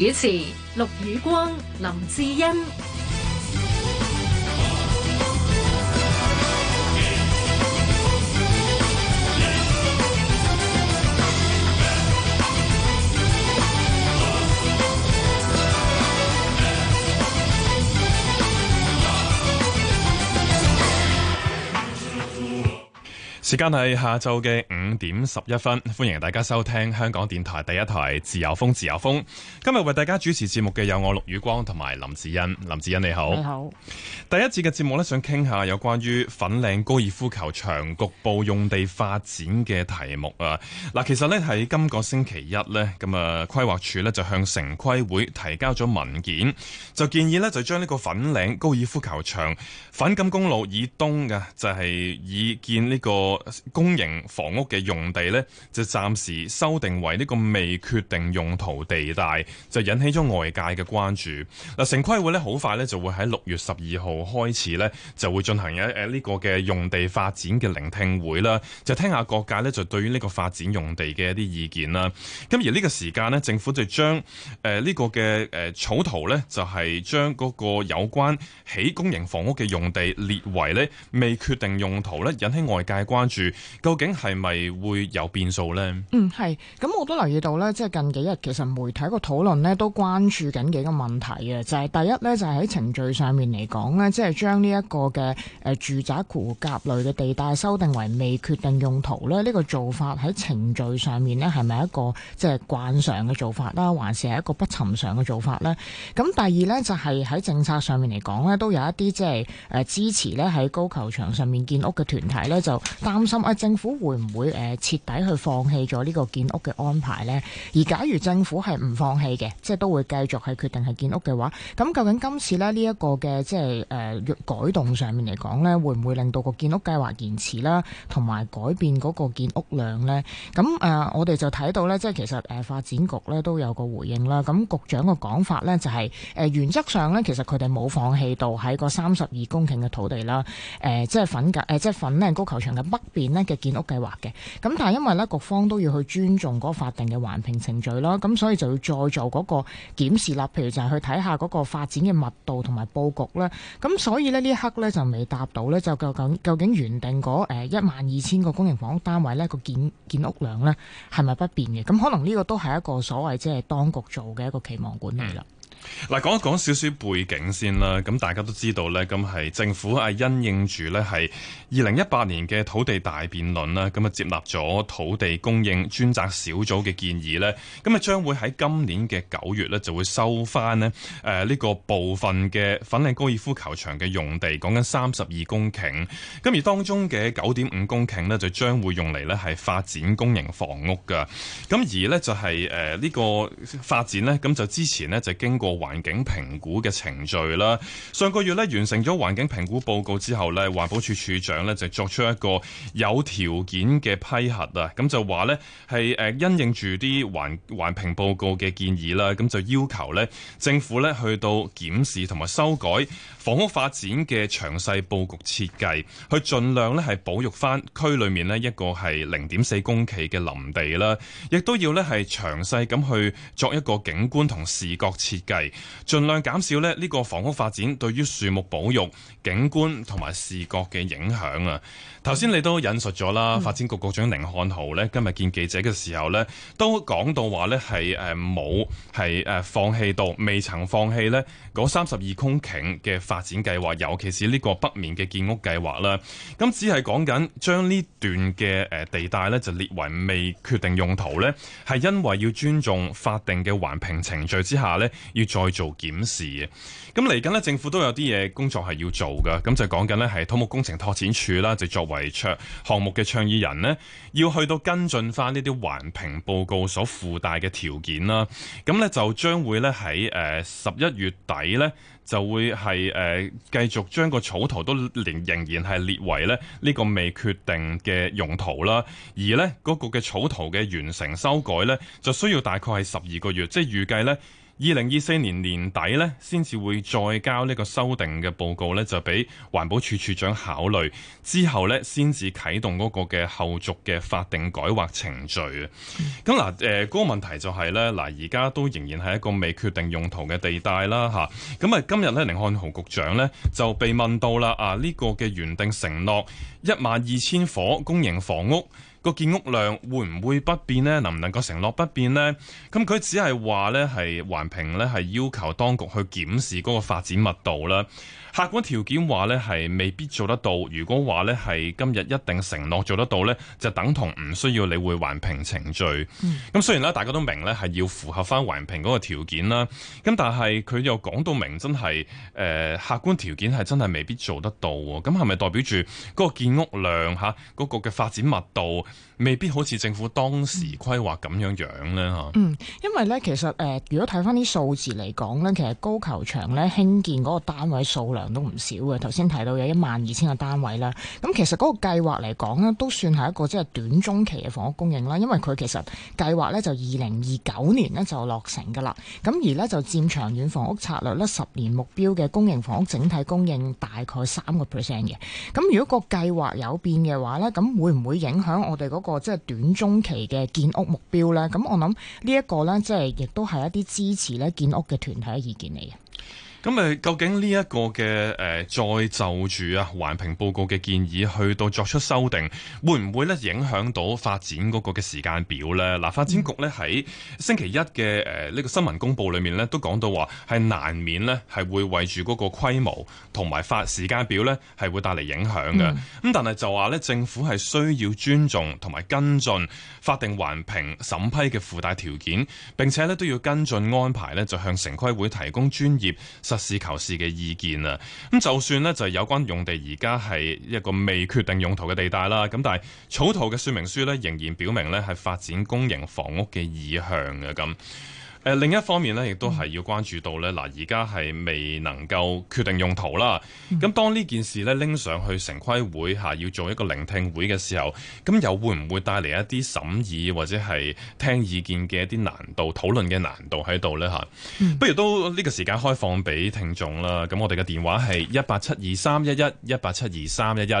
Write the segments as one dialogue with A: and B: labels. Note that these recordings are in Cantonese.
A: 主持：陸宇光、林志欣。
B: 時間係下晝嘅五點十一分，歡迎大家收聽香港電台第一台自由風。自由風今日為大家主持節目嘅有我陸宇光同埋林志恩。林志恩你好，你好。第一次嘅節目呢，想傾下有關於粉嶺高爾夫球場局部用地發展嘅題目啊。嗱，其實呢，喺今個星期一呢，咁啊規劃署呢，就向城規會提交咗文件，就建議呢，就將呢個粉嶺高爾夫球場粉錦公路以東嘅就係、是、以建呢、這個。公營房屋嘅用地呢，就暫時修訂為呢個未決定用途地帶，就引起咗外界嘅關注。嗱，城規會呢好快呢就會喺六月十二號開始呢，就會進行一誒呢個嘅用地發展嘅聆聽會啦，就聽下各界呢，就對於呢個發展用地嘅一啲意見啦。咁而呢個時間呢，政府就將誒呢個嘅誒草圖呢，就係將嗰個有關起公營房屋嘅用地列為呢未決定用途呢，引起外界關注。住究竟係咪會有變數呢？嗯，
C: 係咁我都留意到咧，即係近幾日其實媒體個討論呢都關注緊幾個問題嘅，就係、是、第一呢，就係、是、喺程序上面嚟講呢，即係將呢一個嘅誒住宅護甲類嘅地帶修訂為未決定用途咧，呢、這個做法喺程序上面呢係咪一個即係慣常嘅做法啦，還是係一個不尋常嘅做法呢？咁第二呢，就係、是、喺政策上面嚟講呢都有一啲即係誒支持呢喺高球場上面建屋嘅團體呢就擔心啊，政府會唔會誒徹、呃、底去放棄咗呢個建屋嘅安排呢？而假如政府係唔放棄嘅，即係都會繼續係決定係建屋嘅話，咁究竟今次咧呢一、這個嘅即係誒改動上面嚟講呢，會唔會令到個建屋計劃延遲啦，同埋改變嗰個建屋量呢？咁誒、呃，我哋就睇到呢，即係其實誒、呃、發展局呢都有個回應啦。咁局長嘅講法呢，就係、是、誒、呃、原則上呢，其實佢哋冇放棄到喺個三十二公頃嘅土地啦。誒、呃，即係粉格誒、呃，即係粉嶺高球場嘅北。變呢嘅建屋計劃嘅，咁但係因為咧局方都要去尊重嗰法定嘅環評程序啦，咁所以就要再做嗰個檢視啦，譬如就係去睇下嗰個發展嘅密度同埋佈局啦。咁所以咧呢一刻咧就未答到咧，就究竟究竟原定嗰誒一萬二千個公營房屋單位咧個建建屋量咧係咪不變嘅？咁可能呢個都係一個所謂即係當局做嘅一個期望管理啦。
B: 嗱，講一講少少背景先啦。咁大家都知道呢，咁係政府係因應住呢係二零一八年嘅土地大辯論啦，咁啊接納咗土地供應專責小組嘅建議呢，咁啊將會喺今年嘅九月呢就會收翻呢誒呢個部分嘅粉嶺高爾夫球場嘅用地，講緊三十二公頃。咁而當中嘅九點五公頃呢，就將會用嚟呢係發展公營房屋噶。咁而呢就係誒呢個發展呢，咁就之前呢就經過。環境評估嘅程序啦，上個月咧完成咗環境評估報告之後咧，環保署署長咧就作出一個有條件嘅批核啊，咁就話咧係誒因應住啲環環評報告嘅建議啦，咁就要求咧政府咧去到檢視同埋修改房屋發展嘅詳細布局設計，去盡量咧係保育翻區裏面咧一個係零點四公頃嘅林地啦，亦都要咧係詳細咁去作一個景觀同視覺設計。盡量減少呢個房屋發展對於樹木保育、景觀同埋視覺嘅影響啊！頭先你都引述咗啦，嗯、發展局局長寧漢豪呢今日見記者嘅時候呢，都講到話呢係誒冇係誒放棄到，未曾放棄呢嗰三十二公頃嘅發展計劃，尤其是呢個北面嘅建屋計劃啦。咁只係講緊將呢段嘅誒地帶呢，就列為未決定用途呢，係因為要尊重法定嘅環評程序之下呢。要。再做檢視嘅，咁嚟緊呢政府都有啲嘢工作係要做嘅，咁就講緊呢係土木工程拓展署啦，就作為倡項目嘅倡議人呢，要去到跟進翻呢啲環評報告所附帶嘅條件啦。咁呢就將會呢喺十一月底呢，就會係誒、呃、繼續將個草圖都仍然係列為呢個未決定嘅用途啦。而呢嗰、那個嘅草圖嘅完成修改呢，就需要大概係十二個月，即係預計呢。二零二四年年底呢，先至會再交呢個修訂嘅報告呢，就俾環保署署長考慮，之後呢，先至啟動嗰個嘅後續嘅法定改劃程序。咁嗱、嗯，誒嗰、呃那個問題就係呢，嗱而家都仍然係一個未決定用途嘅地帶啦，嚇。咁啊，今日呢，甯漢豪局長呢，就被問到啦，啊呢、這個嘅原定承諾一萬二千伙公營房屋。個建屋量會唔會不變呢？能唔能夠承諾不變呢？咁佢只係話呢，係環評呢係要求當局去檢視嗰個發展密度啦。客觀條件話咧係未必做得到。如果話咧係今日一定承諾做得到咧，就等同唔需要理會環評程序。咁、嗯、雖然咧大家都明咧係要符合翻環評嗰個條件啦。咁但係佢又講到明真係誒、呃、客觀條件係真係未必做得到喎。咁係咪代表住嗰個建屋量嚇嗰、啊那個嘅發展密度未必好似政府當時規劃咁樣樣咧嚇？嗯，
C: 因為咧其實誒、呃、如果睇翻啲數字嚟講咧，其實高球場咧興建嗰個單位數量。都唔少嘅，頭先提到有一萬二千個單位啦。咁其實嗰個計劃嚟講咧，都算係一個即係短中期嘅房屋供應啦。因為佢其實計劃呢就二零二九年呢就落成噶啦。咁而呢，就佔長遠房屋策略呢十年目標嘅公營房屋整體供應大概三個 percent 嘅。咁如果個計劃有變嘅話呢，咁會唔會影響我哋嗰個即係短中期嘅建屋目標呢？咁我諗呢一個呢，即係亦都係一啲支持呢建屋嘅團體嘅意見嚟。
B: 咁誒，究竟呢一個嘅誒，再就住啊環評報告嘅建議去到作出修訂，會唔會咧影響到發展嗰個嘅時間表呢？嗱，發展局咧喺星期一嘅誒呢個新聞公佈裏面咧，都講到話係難免咧係會為住嗰個規模同埋發時間表咧係會帶嚟影響嘅。咁但係就話咧，政府係需要尊重同埋跟進法定環評審批嘅附帶條件，並且咧都要跟進安排咧，就向城規會提供專業實事求是嘅意見啊，咁就算呢就有關用地而家係一個未決定用途嘅地帶啦，咁但係草圖嘅說明書呢，仍然表明呢係發展公營房屋嘅意向嘅咁。誒、呃、另一方面咧，亦都係要關注到咧。嗱，而家係未能夠決定用途啦。咁當呢件事咧拎上去城規會嚇，要做一個聆聽會嘅時候，咁又會唔會帶嚟一啲審議或者係聽意見嘅一啲難度、討論嘅難度喺度咧嚇？嗯、不如都呢個時間開放俾聽眾啦。咁我哋嘅電話係一八七二三一一一八七二三一一。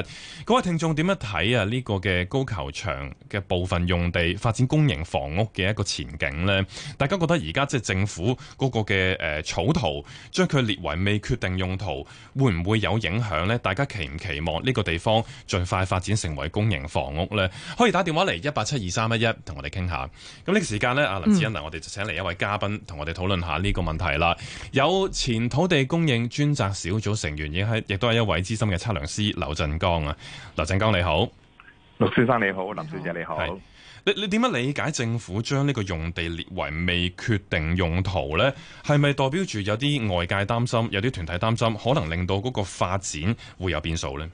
B: 各位聽眾點樣睇啊？呢、呢個嘅高球場嘅部分用地發展公營房屋嘅一個前景呢？大家覺得而家即係政府嗰個嘅誒草圖，將佢列為未決定用途，會唔會有影響呢？大家期唔期望呢個地方盡快發展成為公營房屋呢？可以打電話嚟一八七二三一一，同我哋傾下。咁呢個時間呢，阿林志欣，嗱，我哋就請嚟一位嘉賓，同我哋討論下呢個問題啦。有前土地供應專責小組成員，亦係亦都係一位資深嘅測量師劉振江啊。劉振江你好，陸先生你好，林小姐你好。你你點樣理解政府將呢個用地列為未決定用途呢？係咪代表住有啲外界擔心，有啲團體擔心，可能令到嗰個發展會有變數呢？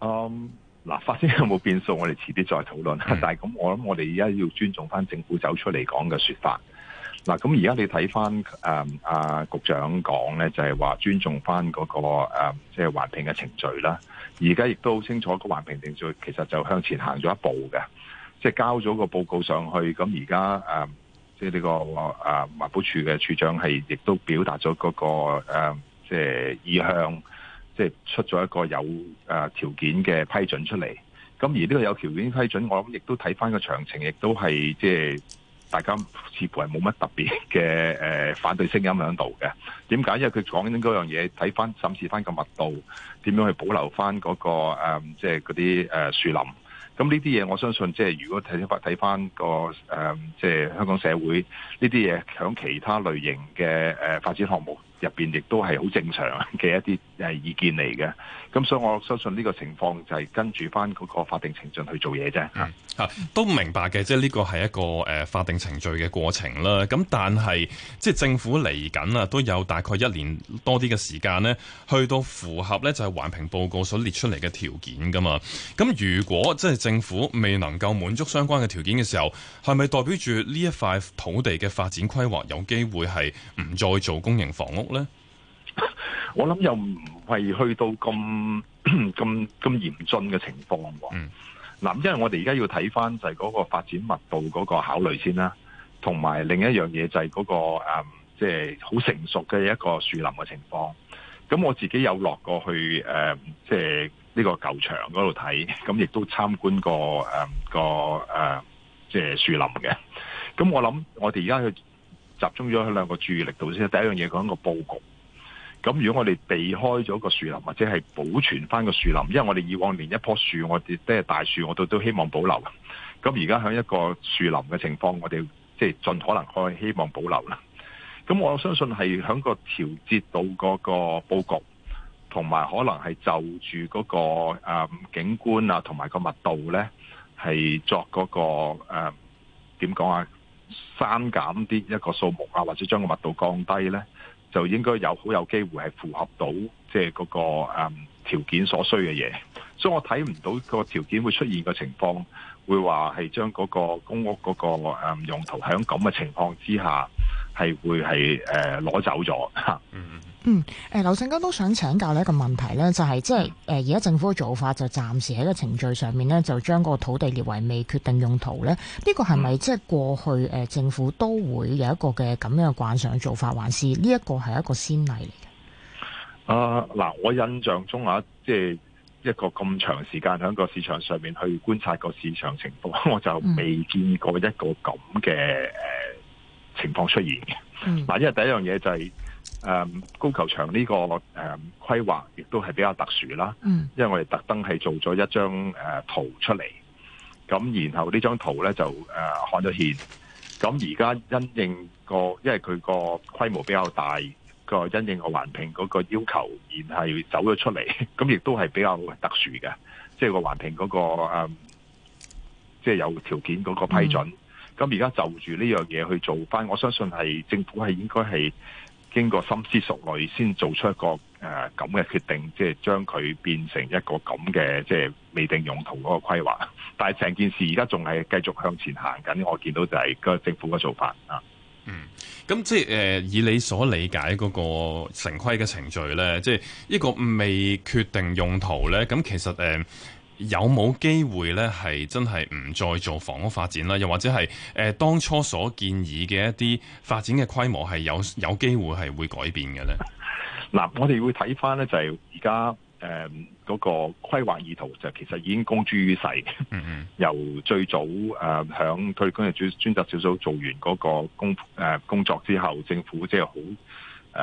B: 嗯，
D: 嗱，發展有冇變數，我哋遲啲再討論。嗯、但係咁，我諗我哋而家要尊重翻政府走出嚟講嘅說法。嗱，咁而家你睇翻誒，阿局長講呢，就係話尊重翻嗰個誒，即係環評嘅程序啦。而家亦都好清楚個環評程序其實就向前行咗一步嘅。即係交咗個報告上去，咁而家誒，即係呢個誒環保署嘅處長係亦都表達咗嗰、那個即係、嗯就是、意向，即、就、係、是、出咗一個有誒條件嘅批准出嚟。咁而呢個有條件，批准，有條件批准，我諗亦都睇翻個詳情，亦都係即係大家似乎係冇乜特別嘅誒反對聲音響度嘅。點解？因為佢講緊嗰樣嘢，睇翻審視翻個密度，點樣去保留翻嗰、那個即係嗰啲誒樹林。咁呢啲嘢，我相信即係如果睇翻睇翻個誒，即係香港社會呢啲嘢，響其他類型嘅誒發展項目入邊，亦都係好正常嘅一啲誒意見嚟嘅。咁所以我相信呢個情況就係跟住翻嗰個法定程序去做嘢啫。
C: 吓
B: 都明白嘅，即係呢個係一個誒、呃、法定程序嘅過程啦。咁但係即係政府嚟緊啊，都有大概一年多啲嘅時間呢，去到符合呢就係環評報告所列出嚟嘅條件噶嘛。咁如果即係政府未能夠滿足相關嘅條件嘅時候，係咪代表住呢一塊土地嘅發展規劃有機會係唔再做公營房屋呢？
D: 我諗又唔係去到咁咁咁嚴峻嘅情況，啊。嗱，mm. 因為我哋而家要睇翻就係嗰個發展密度嗰個考慮先啦，同埋另一樣嘢就係嗰、那個誒，即係好成熟嘅一個樹林嘅情況。咁我自己有落過去誒，即係呢個球場嗰度睇，咁亦都參觀過誒、嗯、個誒即係樹林嘅。咁我諗我哋而家去集中咗佢兩個注意力度先。第一樣嘢講緊個布局。咁如果我哋避開咗個樹林，或者係保存翻個樹林，因為我哋以往連一棵樹，我哋即係大樹，我都都希望保留。咁而家喺一個樹林嘅情況，我哋即係盡可能可以希望保留啦。咁我相信係喺個調節到嗰個布局，同埋可能係就住嗰個誒景觀啊，同埋個密度呢，係作嗰個誒點講啊，刪減啲一個數目啊，或者將個密度降低呢，就應該有好有機會係符合到即係嗰個誒、嗯、條件所需嘅嘢，所以我睇唔到個條件會出現個情況，會話係將嗰個公屋嗰、嗰個、嗯、用途喺咁嘅情況之下。係會係誒攞走咗吓。嗯
C: 嗯。誒、呃，劉振江都想請教你一個問題咧，就係即係誒，而、呃、家政府嘅做法就暫時喺個程序上面咧，就將個土地列為未決定用途咧，呢、這個係咪即係過去誒、呃、政府都會有一個嘅咁樣嘅慣常做法，還是呢一個係一個先例嚟嘅？
D: 啊，嗱，我印象中啊，即、就、係、是、一個咁長時間喺個市場上面去觀察個市場情況，我就未見過一個咁嘅誒。嗯情況出現嘅，嗱、嗯，因為第一樣嘢就係、係、誒、嗯、高球場呢、呢個誒、嗯、規劃，亦都係比較特殊啦。嗯、因為我哋特登係做咗一張誒圖出嚟，咁然後呢張圖咧就誒看咗先，咁而家因應個，因為佢個規模比較大，個因應個環評嗰個要求，而係走咗出嚟，咁亦都係比較特殊嘅，即係個環評嗰、嗰個即係、嗯就係、有條件嗰個批准。嗯咁而家就住呢樣嘢,去做翻，我相信係政府係應該係經過深思熟慮先做出一個誒咁嘅決定，即係將佢變成一個咁嘅即係未定用途嗰個規劃。但係成件事而家仲係繼續向前行緊，我見到就係個政府嘅做法啊。嗯，
B: 咁即係誒、呃，以你所理解嗰個城規嘅程序咧，即係一個未決定用途咧，咁其實誒。呃有冇機會咧，係真係唔再做房屋發展啦？又或者係誒當初所建議嘅一啲發展嘅規模係有有機會係會改變嘅咧？
D: 嗱、啊，我哋會睇翻咧，就係而家誒嗰個規劃意圖就其實已經公諸於世。嗯嗯。由最早誒響土地供應專專責小組做完嗰個工工、呃、工作之後，政府即係好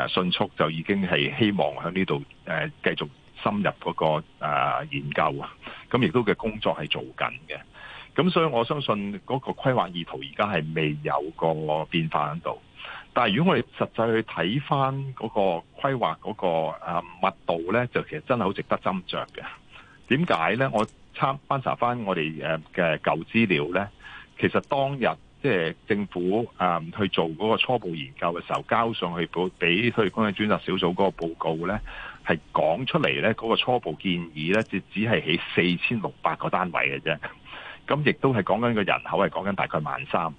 D: 誒迅速就已經係希望喺呢度誒繼續。深入嗰個誒研究啊，咁亦都嘅工作係做緊嘅，咁所以我相信嗰個規劃意圖而家係未有個變化喺度。但係如果我哋實際去睇翻嗰個規劃嗰個誒密度咧，就其實真係好值得斟酌嘅。點解咧？我參翻查翻我哋誒嘅舊資料咧，其實當日即係、就是、政府誒去做嗰個初步研究嘅時候，交上去俾土地供應專責小組嗰個報告咧。係講出嚟呢嗰、嗰個初步建議呢，就只只係起四千六百個單位嘅啫。咁亦都係講緊個人口係講緊大概萬三，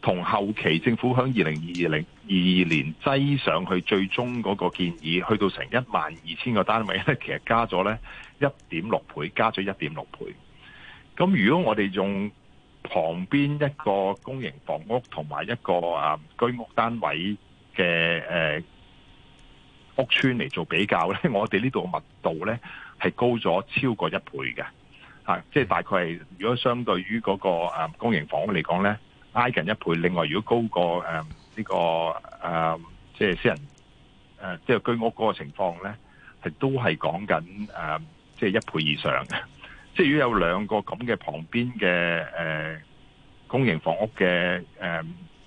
D: 同後期政府響二零二零二二年擠上去，最終嗰個建議去到成一萬二千個單位呢，其實加咗呢一點六倍，加咗一點六倍。咁如果我哋用旁邊一個公營房屋同埋一個啊居屋單位嘅誒屋邨嚟做比較咧，我哋呢度密度咧係高咗超過一倍嘅，即、啊、係、即係、大概係如果相對於嗰、嗰個、嗯、公營房屋嚟講咧，挨近一倍。另外如果高過誒呢、嗯呢個誒即係私人誒即係居屋嗰個情況咧，係都係講緊誒即係一倍以上嘅。即係如果有兩個咁嘅旁邊嘅誒、呃、公營房屋嘅誒、呃、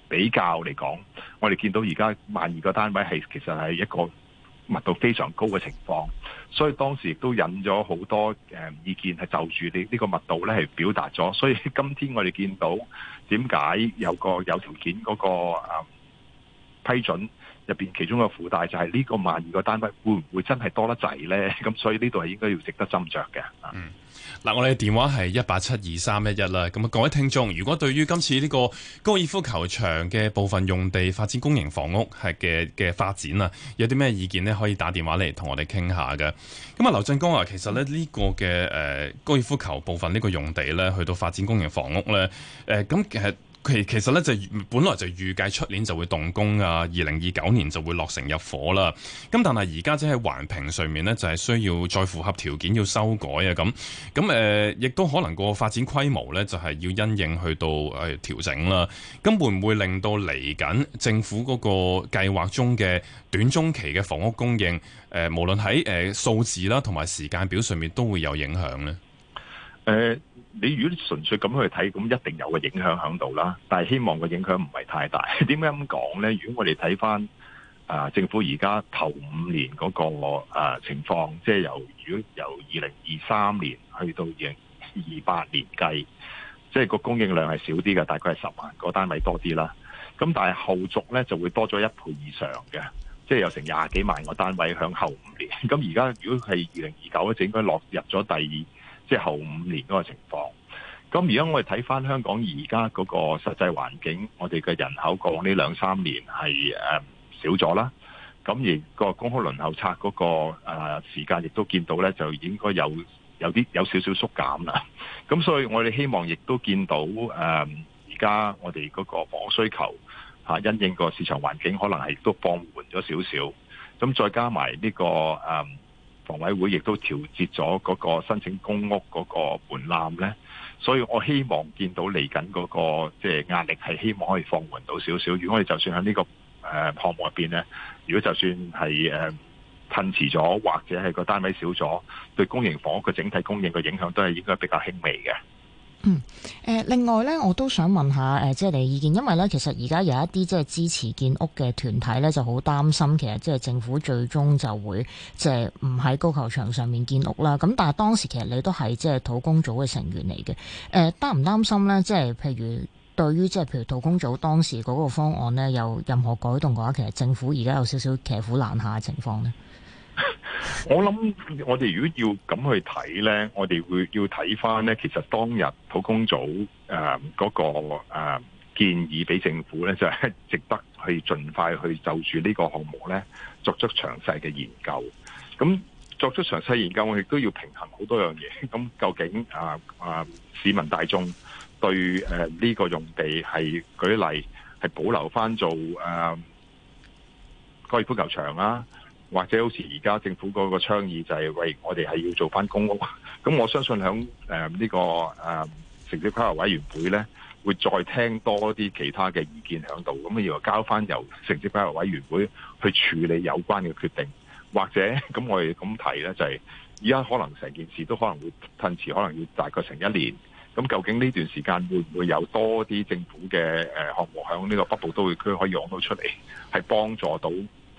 D: 比較嚟講，我哋見到而家萬二個單位係其實係一個。密度非常高嘅情況，所以當時亦都引咗好多誒、呃、意見，係就住呢呢個密度咧係表達咗。所以今天我哋見到點解有個有條件嗰、那個啊、呃、批准入邊其中一個附帶就係呢個萬二個單位會唔會真係多得滯呢？咁所以呢度係應該要值得斟酌嘅啊。嗯
B: 嗱，我哋電話係一八七二三一一啦。咁啊，各位聽眾，如果對於今次呢個高爾夫球場嘅部分用地發展公營房屋係嘅嘅發展啊，有啲咩意見呢？可以打電話嚟同我哋傾下嘅。咁啊，劉振江啊，其實咧呢個嘅誒高爾夫球部分呢個用地咧，去到發展公營房屋咧，誒咁其實。其其實咧就本來就預計出年就會動工啊，二零二九年就會落成入伙啦。咁但係而家即係環評上面呢，就係需要再符合條件要修改啊。咁咁誒，亦都可能個發展規模呢，就係要因應去到誒調整啦。咁會唔會令到嚟緊政府嗰個計劃中嘅短中期嘅房屋供應誒，無論喺誒數字啦，同埋時間表上面都會有影響呢？誒。你如果純粹咁去睇，咁一定
D: 有個影響喺度啦。但係希望個影響唔係太大。點解咁講呢？如果我哋睇翻啊政府而家頭五年嗰個啊情況，即係由如果由二零二三年去到二零二八年計，即係個供應量係少啲嘅，大概係十萬個單位多啲啦。咁但係後續呢，就會多咗一倍以上嘅，即係有成廿幾萬個單位向後五年。咁而家如果係二零二九咧，就應該落入咗第二。即後五年嗰個情況，咁而家我哋睇翻香港而家嗰個實際環境，我哋嘅人口過往呢兩三年係誒少咗啦，咁而個公開輪候冊嗰個誒時間亦都見到咧，就應該有有啲有少少縮減啦。咁所以我哋希望亦都見到誒，而家我哋嗰個房需求嚇，因應個市場環境，可能係都放緩咗少少。咁再加埋呢個誒。房委會亦都調節咗嗰個申請公屋嗰個門檻呢，所以我希望見到嚟緊嗰個即係壓力係希望可以放緩到少少。如果我哋就算喺呢個誒項目入邊呢，如果就算係誒吞遲咗或者係個單位少咗，對公營房屋嘅整體供應嘅影響都係應該比較輕微嘅。
C: 嗯，誒、呃，另外咧，我都想問一下，誒、呃，即係你意見，因為咧，其實而家有一啲即係支持建屋嘅團體咧，就好擔心，其實即係政府最終就會即係唔喺高球場上面建屋啦。咁但係當時其實你都係即係土供組嘅成員嚟嘅，誒、呃，擔唔擔心咧？即係譬如對於即係譬如土供組當時嗰個方案呢，有任何改動嘅話，其實政府而家有少少騎虎難下嘅情況呢。
D: 我諗我哋如果要咁去睇呢，我哋會要睇翻呢。其實當日土供組誒嗰、嗯那個、啊、建議俾政府呢，就係、是、值得去盡快去就住呢個項目呢，作出詳細嘅研究。咁作出詳細研究，我亦都要平衡好多樣嘢。咁究竟啊啊市民大眾對誒呢、啊這個用地係舉例係保留翻做誒高爾夫球場啦、啊？或者好似而家政府嗰個倡議就係、是、喂，我哋係要做翻公屋。咁我相信響誒呢個誒城市規劃委員會咧，會再聽多啲其他嘅意見喺度。咁啊，要交翻由城市規劃委員會去處理有關嘅決定。或者咁，我哋咁提咧，就係而家可能成件事都可能會褪遲，可能要大概成一年。咁究竟呢段時間會唔會有多啲政府嘅誒項目響呢個北部都會區可以擁到出嚟，係幫助到？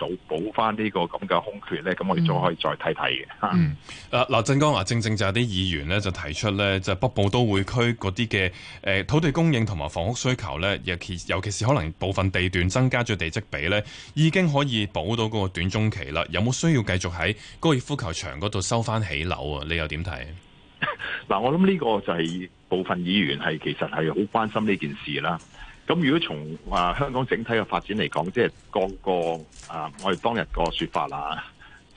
D: 補補翻呢個咁嘅空缺呢咁、嗯、我哋就可以再睇睇嘅。嗯，誒、
B: 啊，嗱，振江，嗱，正正就係啲議員呢，就提出呢，就是、北部都會區嗰啲嘅誒土地供應同埋房屋需求呢，尤其尤其是可能部分地段增加咗地積比呢，已經可以補到嗰個短中期啦。有冇需要繼續喺高爾夫球場嗰度收翻起樓啊？你又點睇？
D: 嗱、啊，我諗呢個就係部分議員係其實係好關心呢件事啦。咁如果從啊香港整體嘅發展嚟講，即係嗰個啊，我哋當日個說法啦，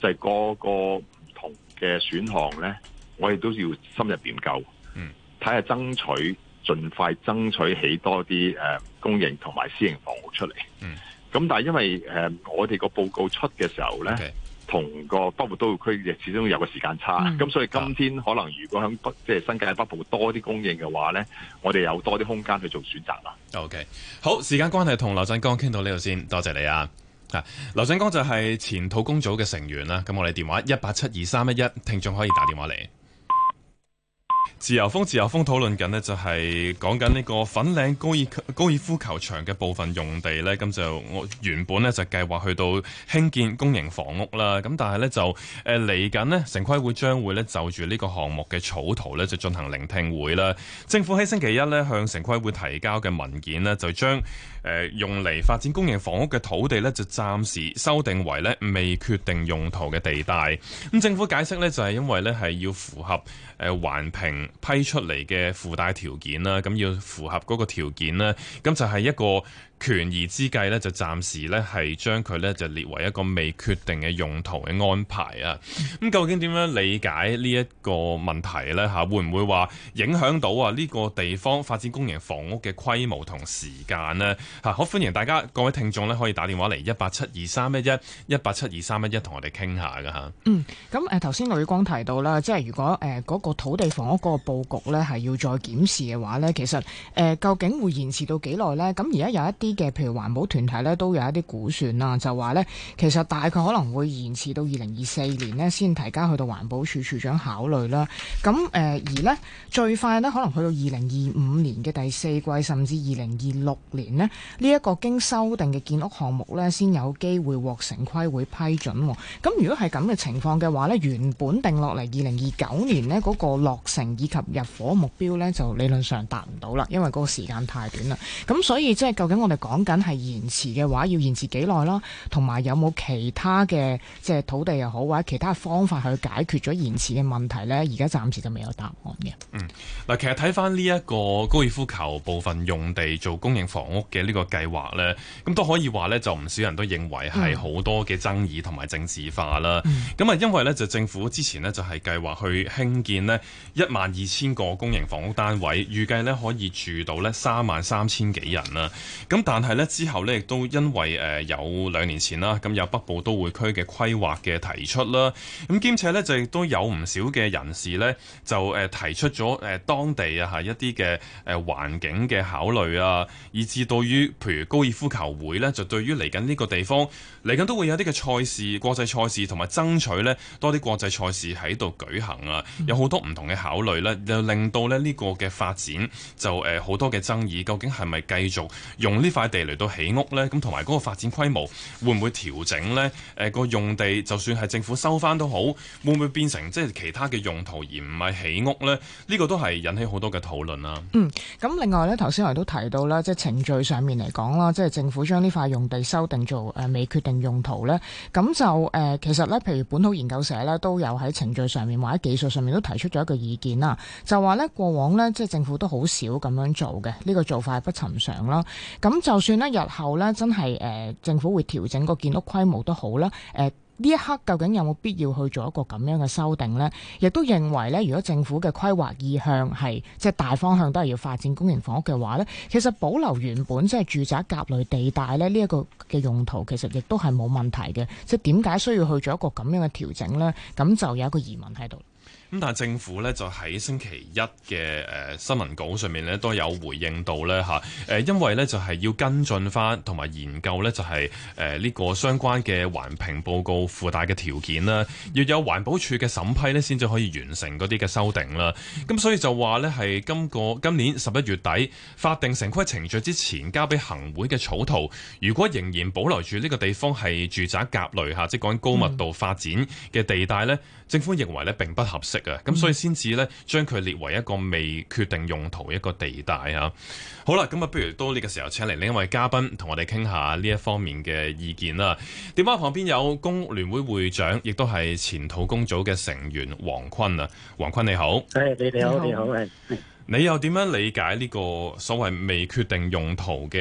D: 就係、是、嗰個唔同嘅選項咧，我哋都要深入研究，嗯，睇下爭取盡快爭取起多啲誒、啊、公營同埋私營房屋出嚟，嗯，咁但係因為、啊、我哋個報告出嘅時候咧。Okay. 同個北部都會區亦始終有個時間差，咁、嗯、所以今天可能如果響北即係新界北部多啲供應嘅話呢，我哋有多啲空
B: 間去做選擇啦。OK，好，時間關係同劉振江傾到呢度先，多謝你啊！啊，劉振江就係前土供組嘅成員啦，咁我哋電話一八七二三一一，1, 聽眾可以打電話嚟。自由風，自由風討論緊呢就係講緊呢個粉嶺高爾高爾夫球場嘅部分用地呢，咁就我原本呢就計劃去到興建公營房屋啦。咁但係呢，就誒嚟緊呢，城規會將會呢就住呢個項目嘅草圖呢就進行聆聽會啦。政府喺星期一呢向城規會提交嘅文件呢，就將誒、呃、用嚟發展公營房屋嘅土地呢就暫時修訂為呢未決定用途嘅地帶。咁政府解釋呢，就係因為呢係要符合誒環評。呃批出嚟嘅附帶條件啦，咁要符合嗰個條件啦，咁就係一個權宜之計咧，就暫時咧係將佢咧就列為一個未決定嘅用途嘅安排啊！咁究竟點樣理解呢一個問題咧？嚇，會唔會話影響到啊？呢個地方發展公營房屋嘅規模同時間呢？嚇，好歡迎大家各位聽眾咧可以打電話嚟一八七二三一一一八七二三一一同我哋傾下噶吓、嗯，
C: 嗯，咁誒頭先雷光提到啦，即係如果誒嗰個土地房屋嗰個佈局咧係要再檢視嘅話咧，其實誒、呃、究竟會延遲到幾耐咧？咁而家有一啲。嘅，譬如環保團體咧，都有一啲估算啦，就話咧，其實大概可能會延遲到二零二四年咧，先提交去到環保署署長考慮啦。咁誒、呃、而咧最快咧，可能去到二零二五年嘅第四季，甚至二零二六年咧，呢、這、一個經修訂嘅建屋項目咧，先有機會獲城規會批准、哦。咁如果係咁嘅情況嘅話咧，原本定落嚟二零二九年咧嗰個落成以及入伙目標咧，就理論上達唔到啦，因為嗰個時間太短啦。咁所以即係究竟我哋？講緊係延遲嘅話，要延遲幾耐咯？同埋有冇其他嘅即係土地又好，或者其他方法去解決咗延遲嘅問題呢？而家暫時就未有答案嘅。嗯，
B: 嗱，其實睇翻呢一個高爾夫球部分用地做公營房屋嘅呢個計劃呢，咁都可以話呢，就唔少人都認為係好多嘅爭議同埋政治化啦。咁啊、嗯，因為呢，就政府之前呢，就係計劃去興建呢一萬二千個公營房屋單位，預計呢可以住到呢三萬三千幾人啦。咁但係咧之後咧，亦都因為誒有兩年前啦，咁有北部都會區嘅規劃嘅提出啦，咁兼且咧就亦都有唔少嘅人士咧，就誒提出咗誒當地啊吓一啲嘅誒環境嘅考慮啊，以至對於譬如高爾夫球會咧，就對於嚟緊呢個地方嚟緊都會有啲嘅賽事、國際賽事同埋爭取咧多啲國際賽事喺度舉行啊，有好多唔同嘅考慮咧，就令到咧呢個嘅發展就誒好多嘅爭議，究竟係咪繼續用呢？塊地嚟到起屋呢，咁同埋嗰個發展規模會唔會調整呢？誒、呃，個用地就算係政府收翻都好，會唔會變成即係其他嘅用途而唔係起屋呢？呢個都係引起好多嘅討論啦。
C: 嗯，咁另外呢，頭先我哋都提到啦，即係程序上面嚟講啦，即係政府將呢塊用地修訂做誒未決定用途呢。咁就誒、呃、其實呢，譬如本土研究社呢，都有喺程序上面或者技術上面都提出咗一個意見啦，就話呢過往呢，即係政府都好少咁樣做嘅，呢個做法係不尋常啦。咁就算咧，日後咧真係誒、呃，政府會調整個建屋規模都好啦。誒、呃、呢一刻究竟有冇必要去做一個咁樣嘅修訂呢？亦都認為咧，如果政府嘅規劃意向係即係大方向都係要發展公營房屋嘅話咧，其實保留原本即係住宅甲類地帶咧呢一，這個嘅用途，其實亦都係冇問題嘅。即係點解需要去做一個咁樣嘅調整呢？咁就有一個疑問喺度。
B: 咁但政府呢，就喺星期一嘅誒新聞稿上面呢，都有回應到咧吓誒，因為呢，就係要跟進翻同埋研究呢，就係誒呢個相關嘅環評報告附帶嘅條件啦，要有環保署嘅審批呢先至可以完成嗰啲嘅修訂啦。咁所以就話呢，係今個今年十一月底法定城規程序之前交俾行會嘅草圖，如果仍然保留住呢個地方係住宅甲類吓，即講高密度發展嘅地帶呢，政府認為呢並不合適。嘅，咁、嗯、所以先至咧，將佢列為一個未決定用途的一個地帶吓、啊。好啦，咁啊，不如都呢個時候請嚟，另一位嘉賓同我哋傾下呢一方面嘅意見啦、啊。電話旁邊有公屋聯會會長，亦都係前土供組嘅成員王坤啊。王坤你好，誒，你好，你好。你又點樣理解呢個所謂未決定用途嘅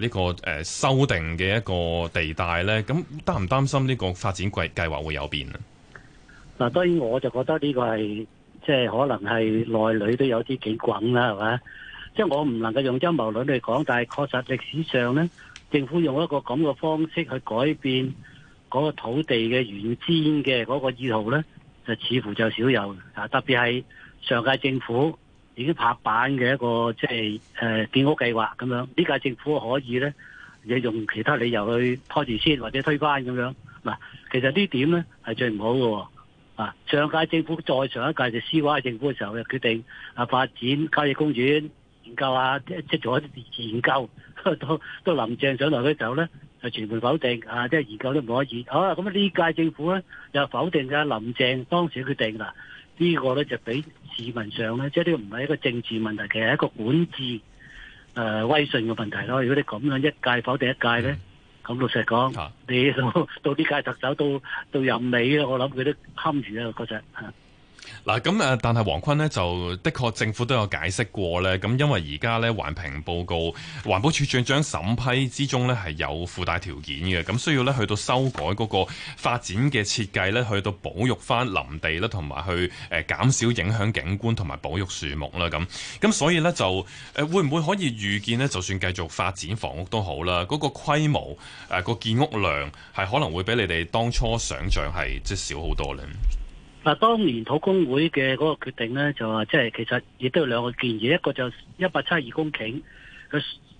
B: 誒呢個誒修訂嘅一個地帶咧？咁擔唔擔心呢個發展計計劃會有變啊？
E: 嗱，當然我就覺得呢個係即係可能係內裏都有啲幾滾啦，係咪？即係我唔能夠用陰謀論嚟講，但係確實歷史上咧，政府用一個咁嘅方式去改變嗰個土地嘅原佔嘅嗰個意圖咧，就似乎就少有啊。特別係上屆政府已經拍板嘅一個即係誒建屋計劃咁樣，呢屆政府可以咧，你用其他理由去拖住先或者推翻咁樣嗱，其實這點呢點咧係最唔好嘅喎。啊！上屆政府再上一屆就 CY 政府嘅時候就決定啊發展郊野公園，研究啊即做一啲研究，到到林鄭上台嗰時候咧就全盤否定啊，即、就是、研究都唔可以。好、啊、啦，咁呢屆政府咧又否定咗林鄭當時決定嗱，這個、呢個咧就俾市民上咧，即係呢個唔係一個政治問題，其實係一個管治誒、呃、威信嘅問題咯。如果你咁樣一屆否定一屆咧。嗯老實講，你到到呢屆特首到到任尾我諗佢都堪住啦，嗰隻。
B: 嗱，咁但係黃坤呢就的確政府都有解釋過呢，咁因為而家呢環評報告，環保署長將審批之中呢係有附帶條件嘅，咁需要呢去到修改嗰個發展嘅設計呢，去到保育翻林地啦，同埋去誒減少影響景觀同埋保育樹木啦，咁咁所以呢，就誒會唔會可以預見呢？就算繼續發展房屋都好啦，嗰個規模誒、個建屋量係可能會比你哋當初想像係即少好多呢。
E: 嗱，當年土供會嘅嗰個決定咧，就話即係其實亦都有兩個建議，一個就一百七十二公頃，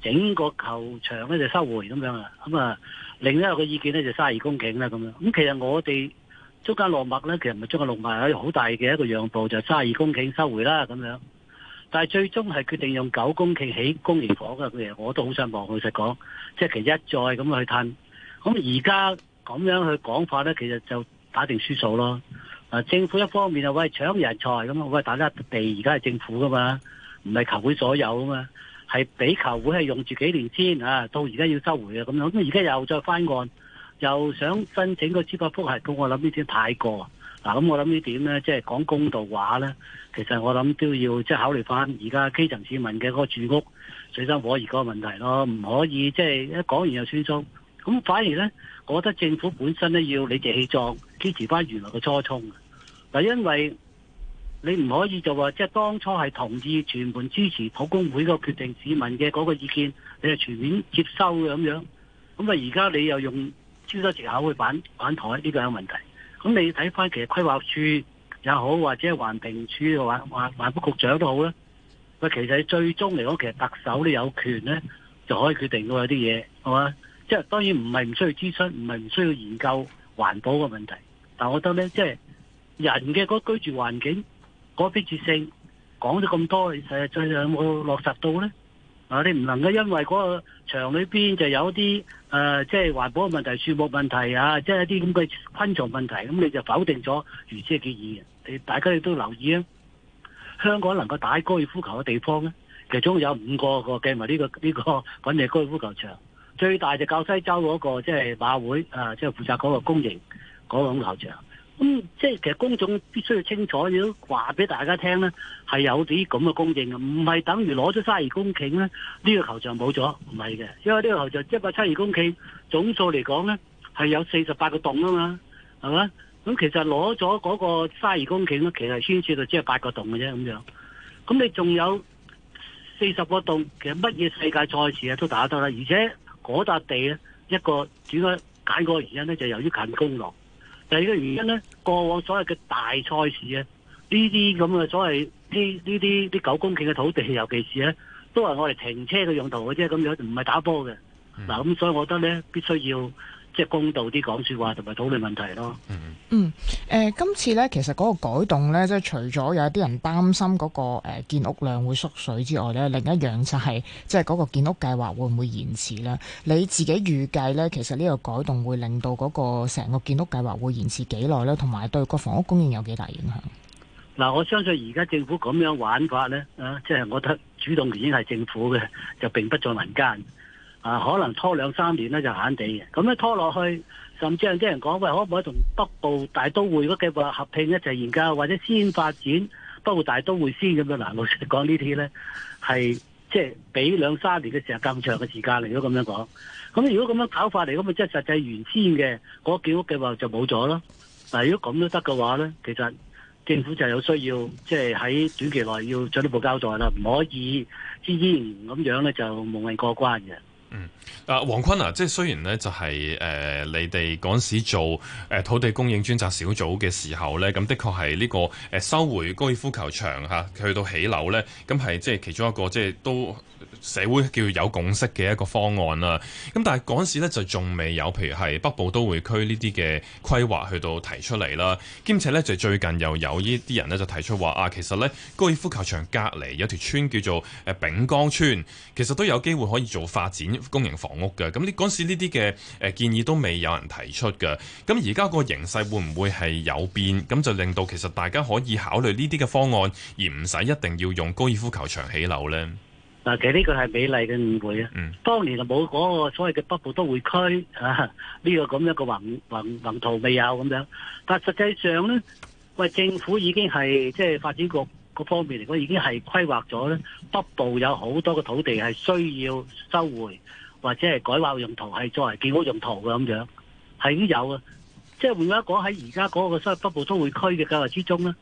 E: 整個球場咧就收回咁樣啊。咁啊，另一個意見咧就卅二公頃啦，咁樣。咁其實我哋中間落墨咧，其實咪中間落墨，係好大嘅一個讓步，就卅二公頃收回啦，咁樣。但係最終係決定用九公頃起公營房嘅，其實我都好想望老實講，即係其實一再咁去吞。咁而家咁樣去講法咧，其實就打定輸數咯。啊！政府一方面又喂搶人才咁啊，喂，大家地而家係政府噶嘛，唔係球會所有啊嘛，係俾球會係用住幾年先啊，到而家要收回啊咁樣，咁而家又再翻案，又想申請個司法覆核，我諗呢啲太過啊！嗱，咁我諗呢點咧，即係講公道話咧，其實我諗都要即係考慮翻而家基層市民嘅嗰個住屋水深火熱嗰個問題咯，唔可以即係、就是、一講完又推縮。咁反而咧，我覺得政府本身咧要理直氣壯支持翻原來嘅初衷。嗱，因為你唔可以就話即係當初係同意全盤支持土供會個決定，市民嘅嗰個意見，你係全面接收嘅咁樣。咁啊，而家你又用諸多借口去反反台，呢個有問題。咁你睇翻其實規劃署也好，或者環評署嘅環環環保局長都好啦。喂，其實最終嚟講，其實特首都有權咧，就可以決定到有啲嘢，係嘛？即係當然唔係唔需要諮詢，唔係唔需要研究環、enfin anyway. 保嘅問題。但我覺得咧，即係。人嘅居住環境嗰逼切性講咗咁多，實實在有冇落實到咧？啊，你唔能夠因為嗰個場裏邊就有啲誒，即、呃、係、就是、環保問題、樹木問題啊，即、就、係、是、一啲咁嘅昆蟲問題，咁你就否定咗如此嘅建議。你大家亦都留意啊，香港能夠打高爾夫球嘅地方咧，其中有五個、這個計埋呢個呢個粉嶺高爾夫球場，最大就是滘西洲嗰、那個即係、就是、馬會啊，即、就、係、是、負責嗰個公營嗰種球場。咁即係其實公眾必須要清楚，要話俾大家聽咧，係有啲咁嘅供應嘅，唔係等於攞咗卅二公頃咧，呢、這個球場冇咗，唔係嘅，因為呢個球場一百七二公頃總數嚟講咧，係有四十八個洞啊嘛，係嘛？咁其實攞咗嗰個卅二公頃咧，其實牽涉到即係八個洞嘅啫，咁樣。咁你仲有四十個洞，其實乜嘢世界賽事啊都打得啦。而且嗰笪地咧，一個主要揀嗰個原因咧，就由於近公路。第二個原因咧，過往所謂嘅大賽事啊，呢啲咁嘅所謂啲呢啲啲九公頃嘅土地，尤其是咧，都係我哋停車嘅用途嘅啫，咁樣唔係打波嘅。嗱，嗯，咁所以我覺得咧，必須要。即係公道啲講說話同埋討論問題
C: 咯。嗯，誒、嗯呃，今次呢，其實嗰個改動呢，即係除咗有啲人擔心嗰、那個誒、呃、建屋量會縮水之外呢，另一樣就係、是、即係個建屋計劃會唔會延遲咧？你自己預計呢，其實呢個改動會令到嗰個成個建屋計劃會延遲幾耐咧？同埋對個房屋供應有幾大影響？
E: 嗱，我相信而家政府咁樣玩法呢，啊，即係我覺得主動權係政府嘅，就並不在民間。啊，可能拖兩三年咧就慳地嘅，咁樣拖落去，甚至有啲人講喂，可唔可以同北部大都會嗰計劃合併一齊研究，或者先發展北部大都會先咁樣？嗱，老實講呢啲咧，係即係俾兩三年嘅時候更長嘅時間嚟，如果咁樣講，咁如果咁樣搞法嚟，咁咪即係實際原先嘅嗰幾個屋計劃就冇咗咯。嗱，如果咁都得嘅話咧，其實政府就有需要，即係喺短期內要進一步交代啦，唔可以依依唔咁樣咧就蒙混過關嘅。
B: 嗯，啊，王坤啊，即係雖然咧，就係、是、誒、呃，你哋嗰陣時做誒、呃、土地供應專責小組嘅時候咧，咁的確係呢個誒、呃、收回高爾夫球場吓、啊，去到起樓咧，咁係即係其中一個即係都社會叫有共識嘅一個方案啦。咁、啊、但係嗰陣時咧，就仲未有，譬如係北部都會區呢啲嘅規劃去到提出嚟啦。兼、啊、且咧，就最近又有些呢啲人咧就提出話啊，其實咧高爾夫球場隔籬有條村叫做誒丙崗村，其實都有機會可以做發展。公營房屋嘅，咁呢嗰陣時呢啲嘅誒建議都未有人提出嘅，咁而家個形勢會唔會係有變？咁就令到其實大家可以考慮呢啲嘅方案，而唔使一定要用高爾夫球場起樓咧。
E: 嗱，其實呢個係美麗嘅誤會啊！嗯，當年就冇嗰個所謂嘅北部都會區啊，呢個咁一個宏宏宏圖未有咁樣，但實際上咧，喂，政府已經係即係發展局。嗰方面嚟講，已經係規劃咗咧，北部有好多個土地係需要收回或者係改劃用途，係作為建屋用途嘅咁樣，係已經有啊。即係換句話講喺而家嗰個所謂北部都會區嘅計劃之中咧，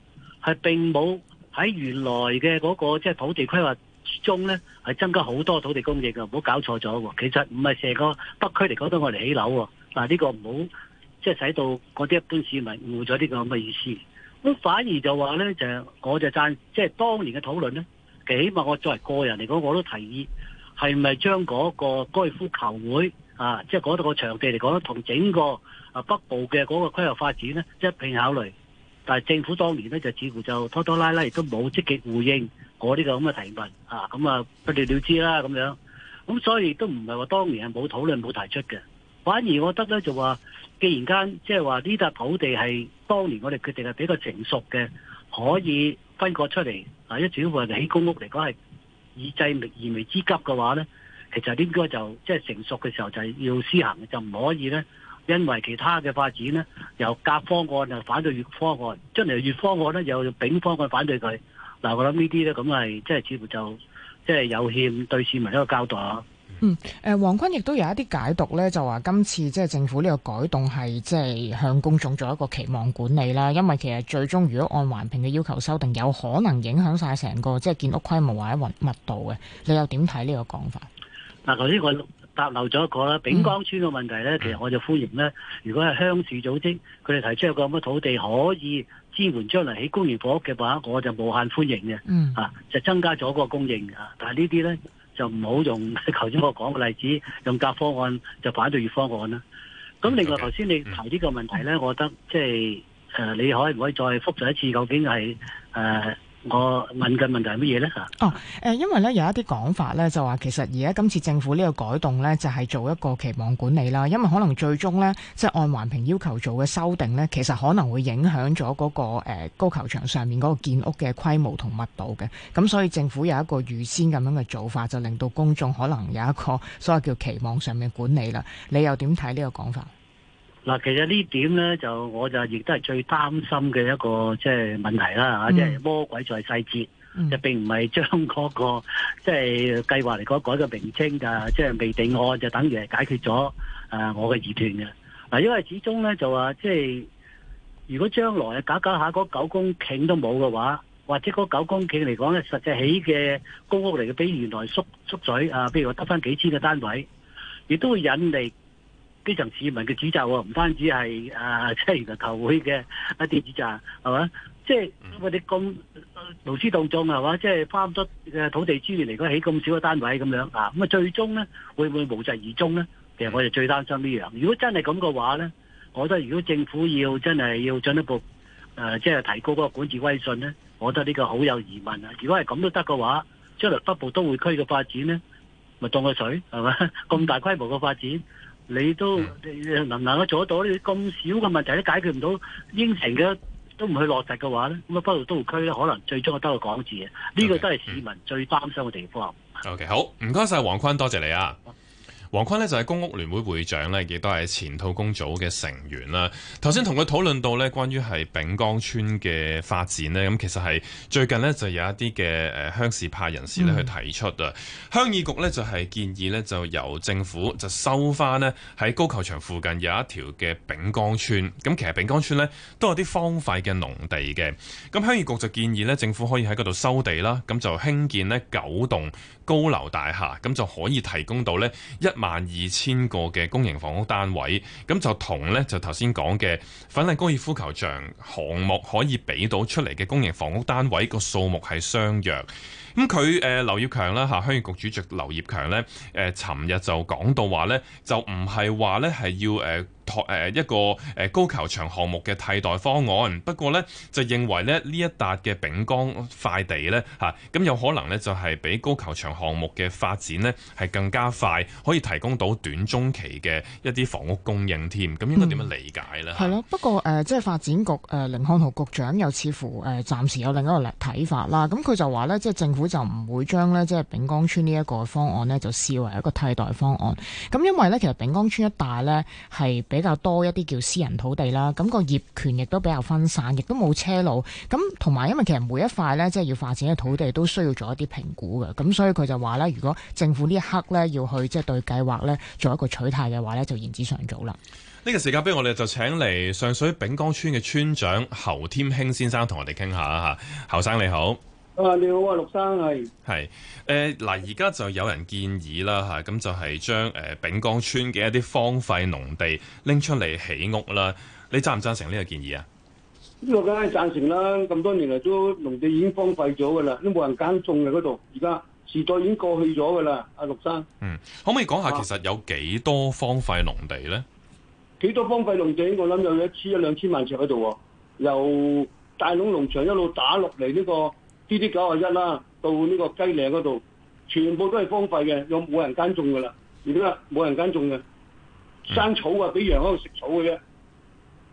E: 係並冇喺原來嘅嗰、那個即係、就是、土地規劃之中咧，係增加好多土地供應嘅。唔好搞錯咗喎，其實唔係成個北區嚟講都我哋起樓喎。嗱、這、呢個唔好即係使到嗰啲一般市民誤咗呢個咁嘅意思。咁反而就話咧，就是、我就贊，即、就、係、是、當年嘅討論咧，其實起碼我作為個人嚟講，我都提議係咪將嗰個高爾夫球會啊，即係嗰度個場地嚟講，同整個啊北部嘅嗰個規劃發展咧一、就是、並考慮。但係政府當年咧就似乎就拖拖拉拉，亦都冇積極回應我呢個咁嘅提問啊，咁啊不了了之啦咁樣。咁所以亦都唔係話當年係冇討論冇提出嘅。反而我覺得咧，就話既然間即係話呢笪土地係當年我哋決定係比較成熟嘅，可以分割出嚟。啊，一除非話起公屋嚟講係以濟燃眉之急嘅話咧，其實應該就即係、就是、成熟嘅時候就係要施行，就唔可以咧，因為其他嘅發展咧，由甲方案就反對乙方案，將嚟又乙方案咧又丙方案反對佢。嗱，我諗呢啲咧咁係即係似乎就即係、就是、有欠對市民一個交代。
C: 嗯，誒、呃，王坤亦都有一啲解讀咧，就話今次即係政府呢個改動係即係向公眾做一個期望管理啦。因為其實最終如果按環評嘅要求修訂，有可能影響晒成個即係建屋規模或者密密度嘅。你又點睇呢個講法？
E: 嗱，頭先我答漏咗一個啦，丙崗村嘅問題咧，嗯、其實我就歡迎咧。如果係鄉事組織，佢哋提出有個咁嘅土地可以支援將來起公營房屋嘅話，我就無限歡迎嘅。嗯，啊，就增加咗個供應。但係呢啲咧。就唔好用頭先我講嘅例子，用甲方案就反對乙方案啦。咁另外頭先你提呢個問題咧，我覺得即係誒，你可唔可以再複述一次，究竟係誒？呃我問
C: 嘅問題係乜嘢咧？哦，誒、呃，因為咧有一啲講法咧，就話其實而家今次政府呢個改動咧，就係、是、做一個期望管理啦。因為可能最終咧，即、就、係、是、按環評要求做嘅修訂咧，其實可能會影響咗嗰、那個誒、呃、高球場上面嗰個建屋嘅規模同密度嘅。咁所以政府有一個預先咁樣嘅做法，就令到公眾可能有一個所謂叫期望上面管理啦。你又點睇呢個講法？
E: 嗱，其實點呢點咧就我就亦都係最擔心嘅一個即係問題啦嚇，即係、嗯、魔鬼在細節，嗯並那個、就並唔係將嗰個即係計劃嚟講改個名稱就即、是、係未定案就等於係解決咗啊我嘅疑團嘅嗱，因為始終咧就話即係如果將來搞搞下嗰九公頃都冇嘅話，或者嗰九公頃嚟講咧，實際起嘅公屋嚟嘅比原來縮縮嘴啊，譬如話得翻幾千個單位，亦都會引嚟。呢層市民嘅指責喎、哦，唔單止係啊，即、呃、係原來球會嘅一啲指責，係嘛？即係我哋咁勞師動眾，係嘛？即係花咁多嘅土地資源嚟講，起咁少嘅單位咁樣啊，咁啊最終咧會唔會無疾而終咧？其實我哋最擔心呢樣。如果真係咁嘅話咧，我覺得如果政府要真係要進一步，誒、呃，即係提高嗰個管治威信咧，我覺得呢個好有疑問啊！如果係咁都得嘅話，將來北部都會區嘅發展咧，咪當個水係嘛？咁大規模嘅發展。你都你能唔能夠做得到呢？咁少嘅問題都解決唔到，應承嘅都唔去落實嘅話咧，咁啊北都都會區咧，可能最終我得個講字嘅，呢、這個都係市民最擔心嘅地方
B: okay、嗯。OK，好，唔該曬王坤，多謝，謝你啊。王坤呢就係公屋聯會會長咧，亦都係前土供組嘅成員啦。頭先同佢討論到呢，關於係丙崗村嘅發展呢，咁其實係最近呢就有一啲嘅誒鄉事派人士呢去提出啊。嗯、鄉議局呢就係建議呢，就由政府就收翻呢喺高球場附近有一條嘅丙崗村。咁其實丙崗村呢都有啲荒廢嘅農地嘅。咁鄉議局就建議呢政府可以喺嗰度收地啦，咁就興建呢九棟。高樓大廈，咁就可以提供到呢一萬二千個嘅公營房屋單位，咁就同呢，就頭先講嘅粉嶺高爾夫球場項目可以俾到出嚟嘅公營房屋單位個數目係相若。咁佢誒劉業強啦，吓、鄉議局主席劉業強呢，誒、呃，尋日就講到話呢，就唔係話呢係要誒。呃誒一個誒高球場項目嘅替代方案，不過呢，就認為咧呢一笪嘅丙崗塊地呢，嚇、啊，咁有可能呢，就係比高球場項目嘅發展呢，係更加快，可以提供到短中期嘅一啲房屋供應添。咁、啊、應該點樣理解呢？係咯、
C: 嗯，不過誒、呃、即係發展局誒、呃、甯漢豪局長又似乎誒、呃、暫時有另一個睇法啦。咁、啊、佢就話呢，即係政府就唔會將呢即係丙崗村呢一個方案呢，就視為一個替代方案。咁、啊、因為呢，其實丙崗村一帶呢，係比比較多一啲叫私人土地啦，咁、那個業權亦都比較分散，亦都冇車路，咁同埋因為其實每一塊呢，即係要發展嘅土地都需要做一啲評估嘅，咁所以佢就話咧，如果政府呢一刻呢要去即係對計劃呢做一個取態嘅話呢，就言之尚早啦。
B: 呢個時間俾我哋就請嚟上水丙崗村嘅村長侯添興先生同我哋傾下吓，侯生你好。
F: 啊，你好啊，陸生係。
B: 係誒，嗱，而、呃、家就有人建議啦，吓、啊、咁就係將誒丙崗村嘅一啲荒廢農地拎出嚟起屋啦。你贊唔贊成呢個建議啊？
F: 呢個梗係贊成啦！咁多年嚟都農地已經荒廢咗噶啦，都冇人耕種嘅嗰度。而家時代已經過去咗噶啦，阿、啊、陸生。嗯，
B: 可唔可以講下其實有幾多荒廢農地咧？
F: 幾、啊、多荒廢農地？我諗有一千一兩千萬尺喺度，由大龍農場一路打落嚟呢個。D D 九啊一啦，到呢個雞嶺嗰度，全部都係荒廢嘅，有冇人耕種㗎啦？而點解冇人耕種嘅，生草啊，俾羊喺度食草嘅啫。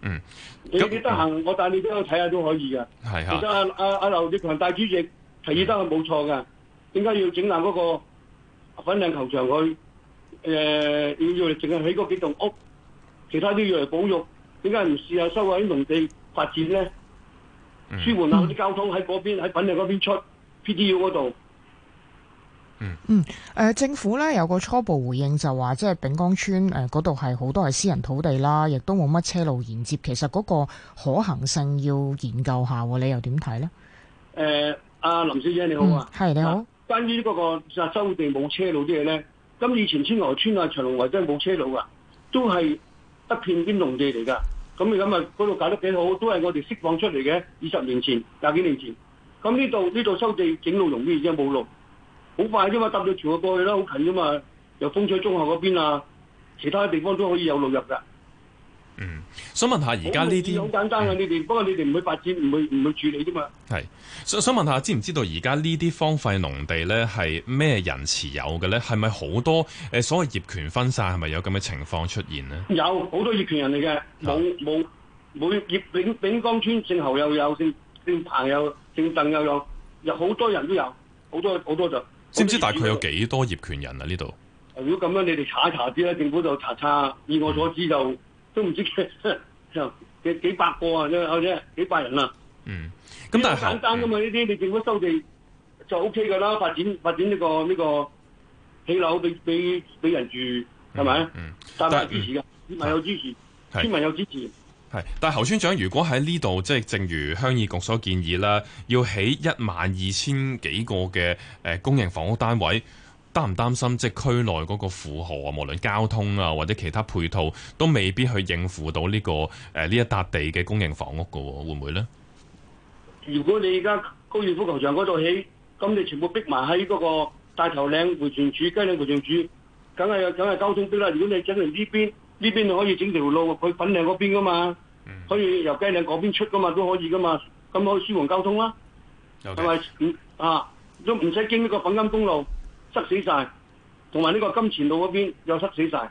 F: 嗯，你幾得閒，嗯、我帶你啲去睇下都可以
C: 嘅。係的啊，
F: 其實阿阿阿劉志強大主席提議得係冇錯嘅，點解要整爛嗰個粉嶺球場去？誒、呃，要要淨係起嗰幾棟屋，其他都要嚟保育，點解唔試下收喺農地發展咧？舒緩下啲交通喺嗰邊，喺粉嶺嗰邊出 P T U 嗰度。嗯嗯，
C: 誒、呃，政府咧有個初步回應就話，即係丙崗村誒嗰度係好多係私人土地啦，亦都冇乜車路連接，其實嗰個可行性要研究一下，你又點睇咧？
F: 誒、呃，阿林小姐你好啊，
C: 係、嗯、你好，
F: 啊啊。關於嗰個收地冇車路啲嘢咧，咁以前天河村啊、長隆圍啊，真係冇車路噶，都係一片啲農地嚟噶。咁你咁啊，嗰度搞得幾好，都係我哋釋放出嚟嘅。二十年前、廿幾年前，咁呢度呢度收地整路容易啲，而家冇路，好快啫嘛，搭條橋過去啦，好近啫嘛。由風水中學嗰邊啊，其他地方都可以有路入噶。
B: 嗯，想問下而家呢啲好簡單嘅，你
F: 哋們、嗯、不過你哋唔會發展，唔會唔會處理啫嘛。
B: 係，想想問下，知唔知道而家呢啲荒廢農地咧係咩人持有嘅咧？係咪好多誒？所謂業權分散，係咪有咁嘅情況出現呢？
F: 有好多業權人嚟嘅，冇冇每業丙丙崗村姓侯又有姓姓彭又有姓鄧又有，有好多人都有，好多好多就。
B: 知唔知大概有幾多業權人啊？呢度？
F: 如果咁樣，你哋查一查啲啦，政府就查查。以我所知就。嗯都唔知，就幾幾百個啊，即係或者幾百人啦。嗯，咁但係簡單噶嘛，呢啲你政府收地就 O K 噶啦，發展發展呢個呢個起樓俾俾俾人住係咪？嗯，村民支持嘅，村民有支持，村民有支持。
B: 係，但係侯村長如果喺呢度，即係正如鄉議局所建議啦，要起一萬二千幾個嘅誒、呃、公營房屋單位。擔唔擔心即係區內嗰個負荷，無論交通啊或者其他配套，都未必去應付到呢、這個誒呢、呃、一笪地嘅供應房屋嘅，會唔會咧？
F: 如果你而家高爾夫球場嗰度起，咁你全部逼埋喺嗰個大頭嶺迴旋處，雞嶺迴旋處，梗係有梗係交通逼啦。如果你整嚟呢邊，呢邊你可以整條路去粉嶺嗰邊噶嘛，嗯、可以由雞嶺嗰邊出噶嘛，都可以噶嘛。咁可以舒緩交通啦，
B: 係咪 Okay.、
F: 嗯？啊，都唔使經呢個粉金公路。塞死晒，同埋呢個金錢路嗰邊又塞死晒。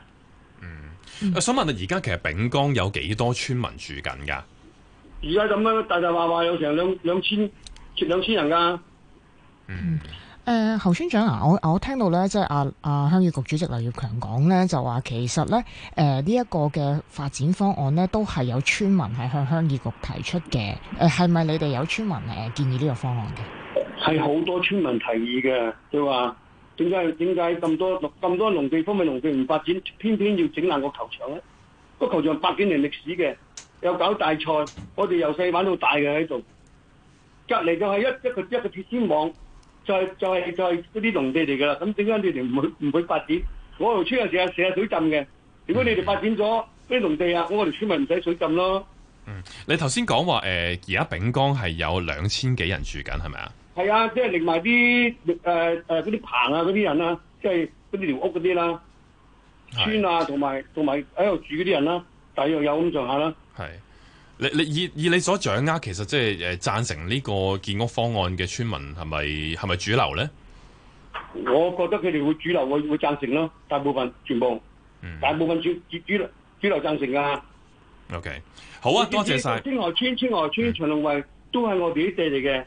B: 嗯，我想問下，而家其實丙崗有幾多村民住緊噶？而家
F: 咁樣大大話話有成兩兩千，兩
C: 千人噶。嗯，誒、嗯呃，侯村長啊，我我聽到咧，即係阿阿鄉議局主席劉業強講咧，就話其實咧，誒呢一個嘅發展方案咧，都係有村民係向鄉議局提出嘅。誒、呃，係咪你哋有村民誒建議呢個方案嘅？
F: 係好嗎多村民提議嘅，即係話。點解點解咁多咁多農地方面農地唔發展，偏偏要整爛個球場咧？個球場百幾年歷史嘅，有搞大賽，我哋由細玩到大嘅喺度。隔離就係一一個一個鐵絲網，就係就係就係嗰啲農地嚟㗎啦。咁點解你哋唔會唔會發展？我條村又成日成日水浸嘅。如果你哋發展咗啲農地啊，我條村咪唔使水浸咯。嗯，
B: 你頭先講話誒，而家丙崗係有兩千幾人住緊，係咪啊？
F: 係啊，即係連埋啲誒誒啲棚啊，嗰啲人啦、啊，即係嗰啲條屋嗰啲啦，村啊，同埋同埋喺度住嗰啲人啦、啊，大約有咁上
B: 下啦。係你你以以，以你所掌握，其實即係誒贊成呢個建屋方案嘅村民係咪係咪主流咧？
F: 我覺得佢哋會主流，會會贊成咯、啊，大部分全部，嗯、大部分主主主流贊成噶、啊。
B: OK，好啊，且多謝晒。
F: 清河村，清河村，長龍圍都係我哋啲地嚟嘅。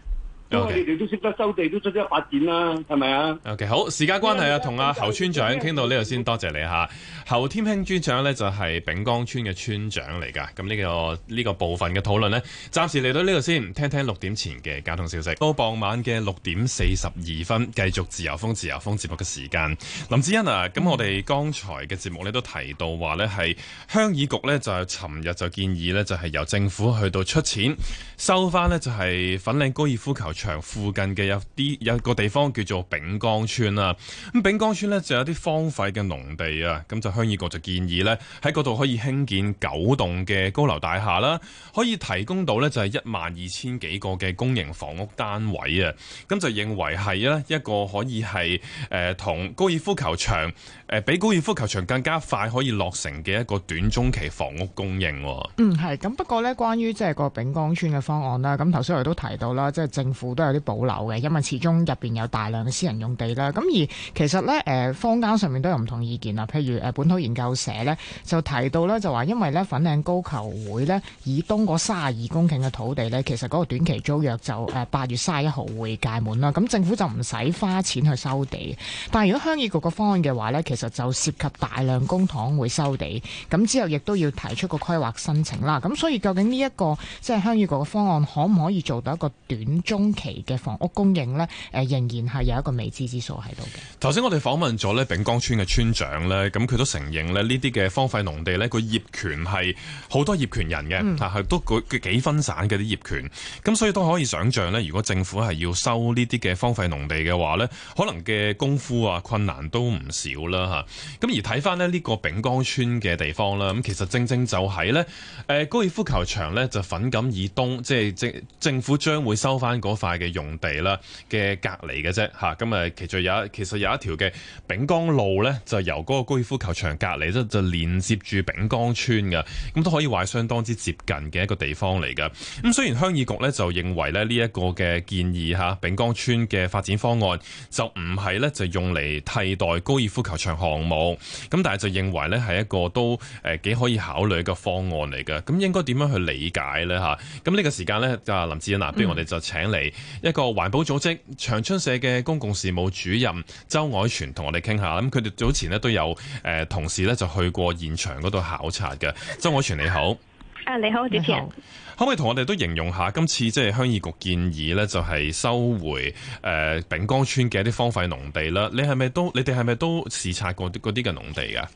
F: 咁啊！你哋 Okay. 都識得收地，都識得發
B: 展啦，係咪啊？OK，好，時間關係啊，同阿、啊、侯村長傾到呢度先，多謝你嚇。侯添興村長呢，就係、是、丙崗村嘅村長嚟㗎。咁呢、這個呢、這個部分嘅討論呢，暫時嚟到呢度先，聽聽六點前嘅交通消息。到傍晚嘅六點四十二分，繼續自由風自由風節目嘅時間。林志恩啊，咁我哋剛才嘅節目呢，都提到話呢係鄉議局呢，就係尋日就建議呢，就係由政府去到出錢收翻呢，就係粉嶺高爾夫球。場附近嘅有啲有個地方叫做丙崗村啊，咁丙崗村咧就有啲荒廢嘅農地啊，咁就鄉議局就建議咧，喺嗰度可以興建九棟嘅高樓大廈啦，可以提供到咧就係一萬二千幾個嘅公營房屋單位啊，咁就認為係咧一個可以係誒同高爾夫球場誒、呃、比高爾夫球場更加快可以落成嘅一個短中期房屋供應。
C: 嗯，係咁不過咧，關於即係個丙崗村嘅方案啦，咁頭先我哋都提到啦，即係政府。好多都有啲保留嘅，因為始終入邊有大量嘅私人用地啦。咁而其實咧，誒坊間上面都有唔同意見啦。譬如誒本土研究社咧就提到啦，就話因為咧粉嶺高球會咧以東嗰卅二公頃嘅土地咧，其實嗰個短期租約就誒八月卅一號會屆滿啦。咁政府就唔使花錢去收地。但係如果鄉議局個方案嘅話咧，其實就涉及大量公帑會收地，咁之後亦都要提出個規劃申請啦。咁所以究竟呢、這、一個即係鄉議局個方案可唔可以做到一個短中？期嘅房屋供應咧，誒仍然係有一個未知之數喺度嘅。
B: 頭先我哋訪問咗咧，丙崗村嘅村長咧，咁佢都承認咧，呢啲嘅荒廢農地咧，個業權係好多業權人嘅，嚇係、嗯、都佢幾分散嘅啲業權，咁所以都可以想象咧，如果政府係要收呢啲嘅荒廢農地嘅話咧，可能嘅功夫啊困難都唔少啦吓，咁而睇翻咧呢個丙崗村嘅地方啦，咁其實正正就係咧，誒高爾夫球場咧就粉錦以東，即係政政府將會收翻嗰塊。嘅用地啦，嘅隔籬嘅啫吓，咁誒其實有其實有一條嘅丙崗路咧，就由嗰個高爾夫球場隔離，咧就連接住丙崗村嘅，咁都可以話係相當之接近嘅一個地方嚟嘅。咁雖然鄉議局咧就認為咧呢一個嘅建議吓丙崗村嘅發展方案就唔係咧就用嚟替代高爾夫球場項目，咁但係就認為咧係一個都誒幾可以考慮嘅方案嚟嘅。咁應該點樣去理解咧吓？咁呢個時間咧就林志恩嗱，不如我哋就請你。一個環保組織長春社嘅公共事務主任周藹銓同我哋傾下，咁佢哋早前咧都有誒、呃、同事咧就去過現場嗰度考察嘅。周藹銓你好，
A: 啊你好主持
B: 人，可唔可以同我哋都形容下今次即係鄉議局建議是、呃、呢，就係收回誒丙崗村嘅一啲荒廢農地啦？你係咪都你哋係咪都視察過嗰啲嘅農地噶？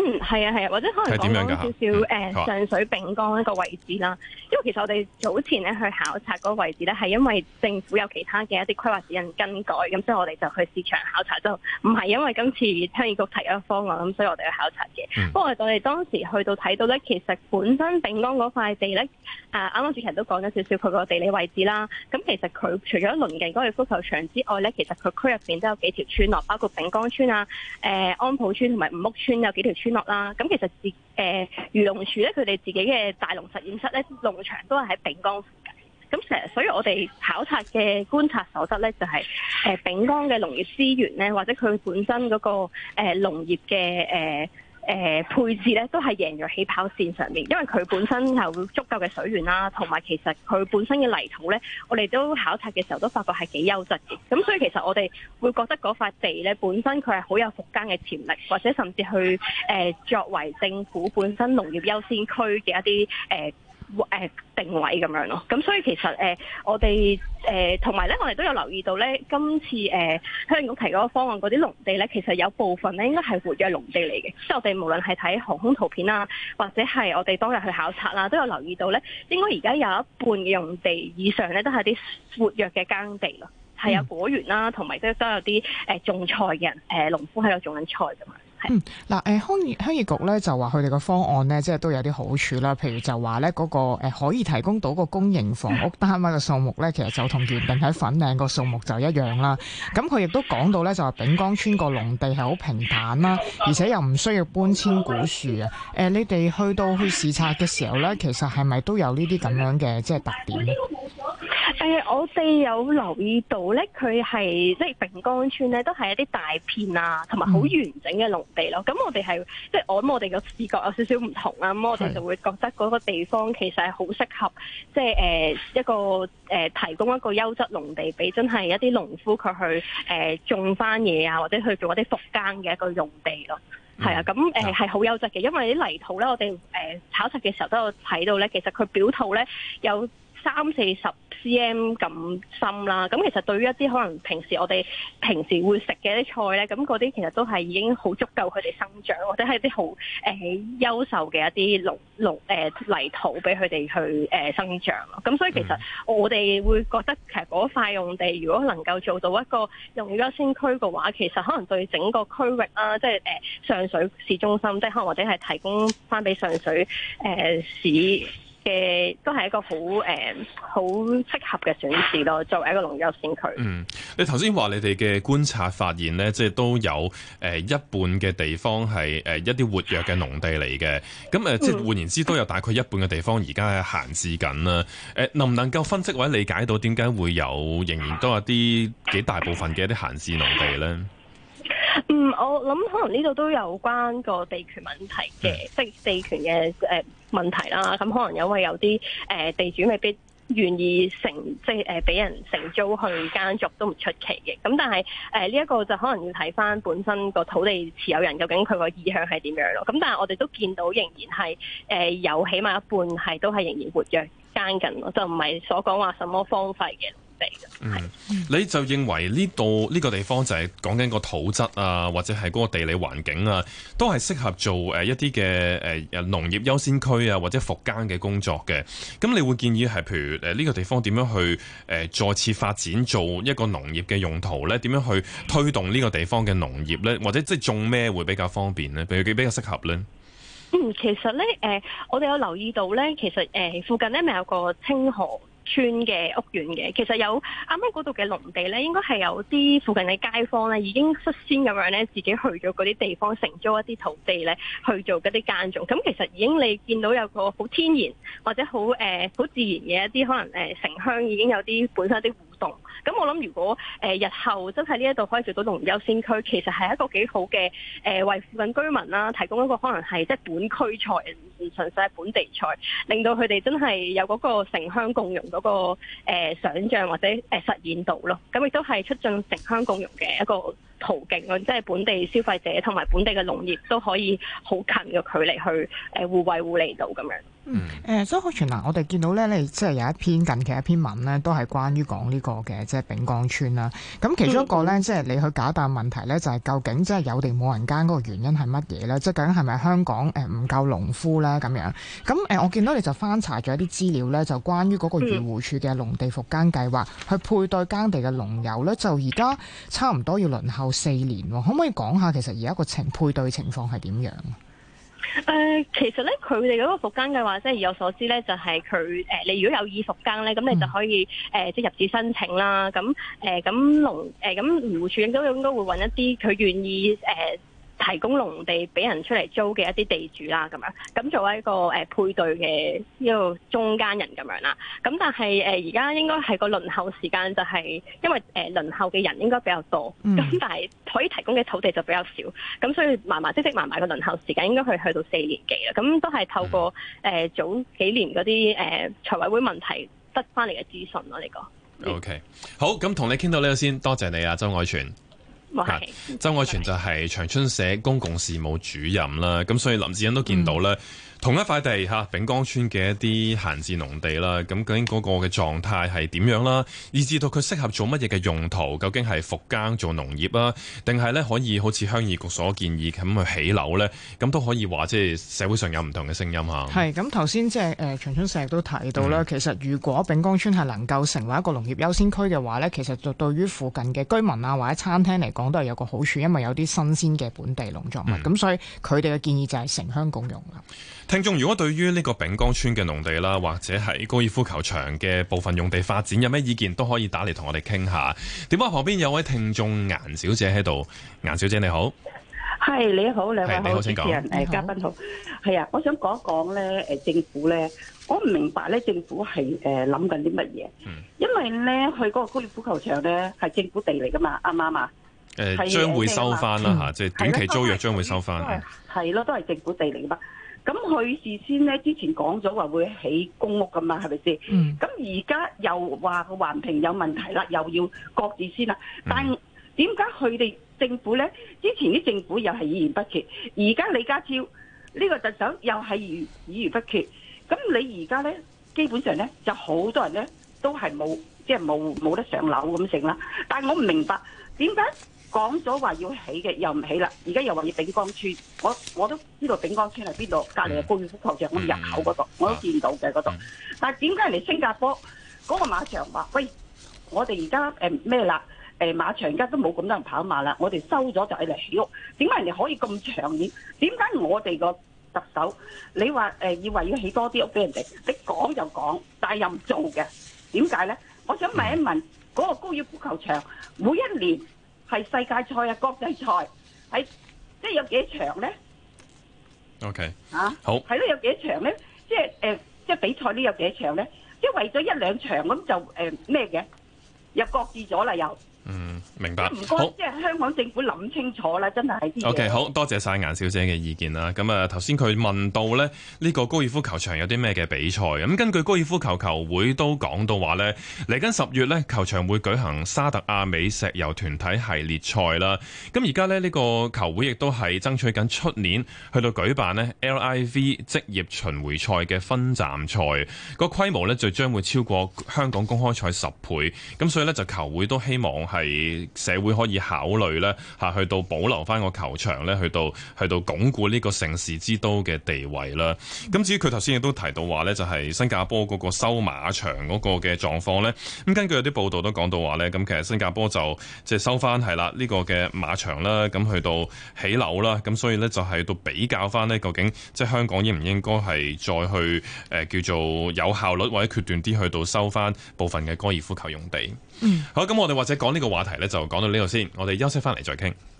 B: 嗯
A: 係啊，係啊，或者可能講緊少少誒上水丙崗一個位置啦。嗯嗯嗯、因為其實我哋早前咧去考察嗰個位置咧，係因為政府有其他嘅一啲規劃指引更改，咁所以我哋就去市場考察，就唔係因為今次聽見局提咗個方案，咁所以我哋去考察嘅。嗯、不過我哋當時去到睇到咧，其實本身丙崗嗰塊地咧，誒啱啱主持都講咗少少佢個地理位置啦。咁其實佢除咗鄰近嗰個高球場之外咧，其實佢區入邊都有幾條村落，包括丙崗村啊、誒安普村同埋吳屋村有幾條村落。啦，咁其實自誒漁農署咧，佢哋自己嘅大農實驗室咧，農場都係喺丙崗附近。咁成日，所以我哋考察嘅觀察所得咧，就係誒丙崗嘅農業資源咧，或者佢本身嗰個誒農業嘅誒。呃誒、呃、配置咧都係贏咗喺起跑線上面，因為佢本身有足夠嘅水源啦，同埋其實佢本身嘅泥土咧，我哋都考察嘅時候都發覺係幾優質嘅。咁所以其實我哋會覺得嗰塊地咧本身佢係好有復耕嘅潛力，或者甚至去、呃、作為政府本身農業優先區嘅一啲誒。呃誒、呃、定位咁樣咯，咁所以其實誒我哋誒同埋咧，我哋、呃、都有留意到咧，今次誒、呃、香港提嗰個方案嗰啲農地咧，其實有部分咧應該係活躍農地嚟嘅。即係我哋無論係睇航空圖片啦、啊，或者係我哋當日去考察啦、啊，都有留意到咧，應該而家有一半嘅用地以上咧，都係啲活躍嘅耕地咯，係、嗯、有果園啦、啊，同埋都都有啲誒、呃、種菜嘅人誒、呃、農夫喺度種緊菜噶嘛。
C: 嗯，嗱、呃，誒鄉議鄉議局咧就話佢哋個方案咧，即係都有啲好處啦。譬如就話咧嗰個、呃、可以提供到個公營房屋單位嘅數目咧， 其實就同原定喺粉嶺個數目就一樣啦。咁佢亦都講到咧，就話丙崗村個農地係好平坦啦，而且又唔需要搬遷古樹啊。誒、呃，你哋去到去視察嘅時候咧，其實係咪都有呢啲咁樣嘅即係特點？
G: 誒、呃，我哋有留
A: 意到咧，佢係即係丙崗村咧都係一啲大片啊，同埋好完整嘅農。嗯嚟咯，咁我哋係即係我諗我哋嘅視覺有少少唔同啊，咁我哋就會覺得嗰個地方其實係好適合，即係誒一個誒、呃、提供一個優質農地俾真係一啲農夫佢去誒、呃、種翻嘢啊，或者去做一啲復耕嘅一個用地咯，係、嗯、啊，咁誒係好優質嘅，因為啲泥土咧，我哋誒考察嘅時候都有睇到咧，其實佢表土咧有，三四十 cm 咁深啦，咁其實對於一啲可能平時我哋平時會食嘅啲菜呢，咁嗰啲其實都係已經好足夠佢哋生長，或者係啲好誒優秀嘅一啲農農誒泥土俾佢哋去誒、呃、生長咯。咁所以其實我哋會覺得其實嗰塊用地如果能夠做到一個用於優先區嘅話，其實可能對整個區域啦、啊，即係、呃、上水市中心，即係可能或者係提供翻俾上水誒、呃、市。嘅都係一個好誒好適合嘅選址咯，作為一個農業優先區。
B: 嗯，你頭先話你哋嘅觀察發現呢，即係都有誒一半嘅地方係誒一啲活躍嘅農地嚟嘅，咁誒即係換言之，都有大概一半嘅地方而家係閒置緊啦。誒，能唔能夠分析或者理解到點解會有仍然都有啲幾大部分嘅一啲閒置農地咧？
A: 嗯，我諗可能呢度都有關個地權問題嘅，即係地權嘅誒、呃、問題啦。咁、嗯、可能因為有啲誒、呃、地主未必願意承，即係誒俾人承租去耕作都唔出奇嘅。咁、嗯、但係誒呢一個就可能要睇翻本身個土地持有人究竟佢個意向係點樣咯。咁、嗯、但係我哋都見到仍然係誒、呃、有起碼一半係都係仍然活躍耕緊咯，就唔係所講話什麼荒廢嘅。
B: 嗯，你就認為呢度呢個地方就係講緊個土質啊，或者係嗰個地理環境啊，都係適合做誒一啲嘅誒農業優先區啊，或者復耕嘅工作嘅。咁你會建議係譬如誒呢個地方點樣去誒再次發展做一個農業嘅用途咧？點樣去推動呢個地方嘅農業咧？或者即係種咩會比較方便咧？比如幾比較適合咧？嗯，
A: 其實咧誒、呃，我哋有留意到咧，其實誒、呃、附近咧咪有個清河村嘅屋苑嘅，其實有啱啱嗰度嘅農地咧，應該係有啲附近嘅街坊咧，已經率先咁樣咧，自己去咗嗰啲地方，承租一啲土地咧，去做嗰啲耕種，咁其實已經你見到有個好天然或者好誒好自然嘅一啲可能誒城鄉已經有啲本身啲。咁，我諗如果、呃、日後真係呢一度可以做到農業優先區，其實係一個幾好嘅誒、呃，為附近居民啦、啊、提供一個可能係即係本區菜，唔唔純粹係本地菜，令到佢哋真係有嗰個城鄉共融嗰、那個、呃、想像或者、呃、實現度咯。咁亦都係促進城鄉共融嘅一個途徑咯，即係本地消費者同埋本地嘅農業都可以好近嘅距離去、呃、互惠互利到咁樣。
C: 嗯，嗯，誒周藹銓啊，我哋見到咧，你即係有一篇近期一篇文咧，都係關於講呢、這個嘅，即係丙崗村啦。咁其中一個咧，即係、嗯嗯、你去搞一單問題咧，就係、是、究竟即係有地冇人耕嗰個原因係乜嘢咧？即係究竟係咪香港誒唔夠農夫咧？咁樣咁誒、啊，我見到你就翻查咗一啲資料咧，就關於嗰個漁護署嘅農地復耕計劃，去配對耕地嘅農友咧，就而家差唔多要輪候四年喎。可唔可以講下其實而家個情配對情況係點樣？
A: 誒、呃，其實咧，佢哋嗰個復耕嘅話，即係我所知咧，就係佢，誒，你如果有意復耕咧，咁你就可以誒、呃，即係入紙申請啦。咁、呃、誒，咁農誒，咁漁護署應該應該會揾一啲佢願意誒。呃提供農地俾人出嚟租嘅一啲地主啦，咁樣咁做一個誒配對嘅呢個中間人咁樣啦。咁但係而家應該係個輪候時間就係、是、因為誒輪候嘅人應該比較多，咁、嗯、但係可以提供嘅土地就比較少，咁所以麻麻積積麻麻個輪候時間應該去去到四年幾啦。咁都係透過早幾年嗰啲誒財委會問題得翻嚟嘅資訊咯。呢個
B: OK 好，咁同你傾到呢度先，多謝你啊，周藹銓。周藹喂銓就係長春社公共事務主任啦，咁所以林志恩都見到咧。嗯同一塊地，丙江村嘅一啲閒置農地啦，咁究竟嗰個嘅狀態係點樣啦？以至到佢適合做乜嘢嘅用途？究竟係復耕做農業啊，定係咧可以好似鄉議局所建議咁去起樓咧？咁都可以話即係社會上有唔同嘅聲音嚇。
C: 係咁，頭先即係誒，呃、長春春社亦都提到啦，嗯、其實如果丙江村係能夠成為一個農業優先區嘅話咧，其實就對於附近嘅居民啊或者餐廳嚟講都係有個好處，因為有啲新鮮嘅本地農作物。咁、嗯、所以佢哋嘅建議就係城鄉共用啦。
B: 聽眾如果對於呢個丙崗村嘅農地啦，或者係高爾夫球場嘅部分用地發展有咩意見，都可以打嚟同我哋傾下，點解旁邊有位聽眾顏小姐喺度。顏小姐你好，
G: 係你好，你好，你好主持人，誒說、呃，嘉賓好，係好啊，我想講一講咧，誒，政府咧，我唔明白咧，政府係誒諗緊啲乜嘢？嗯、因為咧，去嗰個高爾夫球場咧係政府地嚟噶嘛，啱唔啱啊？
B: 誒、嗯，將會收翻啦吓，是嗯、即係短期租約將會收翻，
G: 係咯，都係政府地嚟噶嘛。咁佢事先咧之前講咗話會起公屋㗎嘛，係咪先？咁而家又話個環評有問題啦，又要各自先啦。但點解佢哋政府咧之前啲政府又係議而不決，而家李家超呢個特首又係議而不決？咁你而家咧基本上咧就好多人咧都係冇即係冇冇得上樓咁成啦。但係我唔明白點解？講咗話要起嘅又唔起啦，而家又話要丙崗村，我我都知道丙崗村喺邊度，隔離嘅高爾夫球場嘅入口嗰度，我都見到嘅嗰度。嗯、但係點解人哋新加坡嗰、嗰個馬場話，喂，我哋而家誒咩啦？誒、呃、馬場而家都冇咁多人跑馬啦，我哋收咗就係嚟起屋。點解人哋可以咁長遠？點解我哋個特首你話要、呃、以為要起多啲屋俾人哋？你講就講，但又唔做嘅，點解咧？我想問一問嗰、嗯、個高爾夫球場每一年。係世界賽啊，國際賽，喺即係有幾場咧？OK 啊，好，係咯，有幾場咧？即係、呃、即係比賽呢有幾場咧？即係為咗一兩場咁就誒咩嘅又擱置咗啦又。
B: 嗯，明白。好，即係
G: 香港政府諗清楚啦，真係。OK，好
B: 多謝晒顏小姐嘅意見啦。咁啊，頭先佢問到咧，呢個高爾夫球場有啲咩嘅比賽？咁根據高爾夫球球會都講到話咧，嚟緊十月咧球場會舉行沙特亞美石油團體系列賽啦。咁而家咧，呢個球會亦都係爭取緊出年去到舉辦咧 LIV 職業巡迴賽嘅分站賽，個規模咧就將會超過香港公開賽十倍。咁所以咧就球會都希望係社會可以考慮咧，吓去到保留翻個球場咧，去到去到鞏固呢個城市之都嘅地位啦。咁至於佢頭先亦都提到話咧，就係新加坡嗰個收馬場嗰個嘅狀況咧。咁根據有啲報道都講到話咧，咁其實新加坡就即係收翻係啦，呢個嘅馬場啦，咁去到起樓啦，咁所以咧就係到比較翻呢，究竟即係香港應唔應該係再去誒叫做有效率或者決斷啲去到收翻部分嘅高爾夫球用地？嗯， 好，咁我哋或者講呢個話題咧，就講到呢度先，我哋休息返嚟再傾。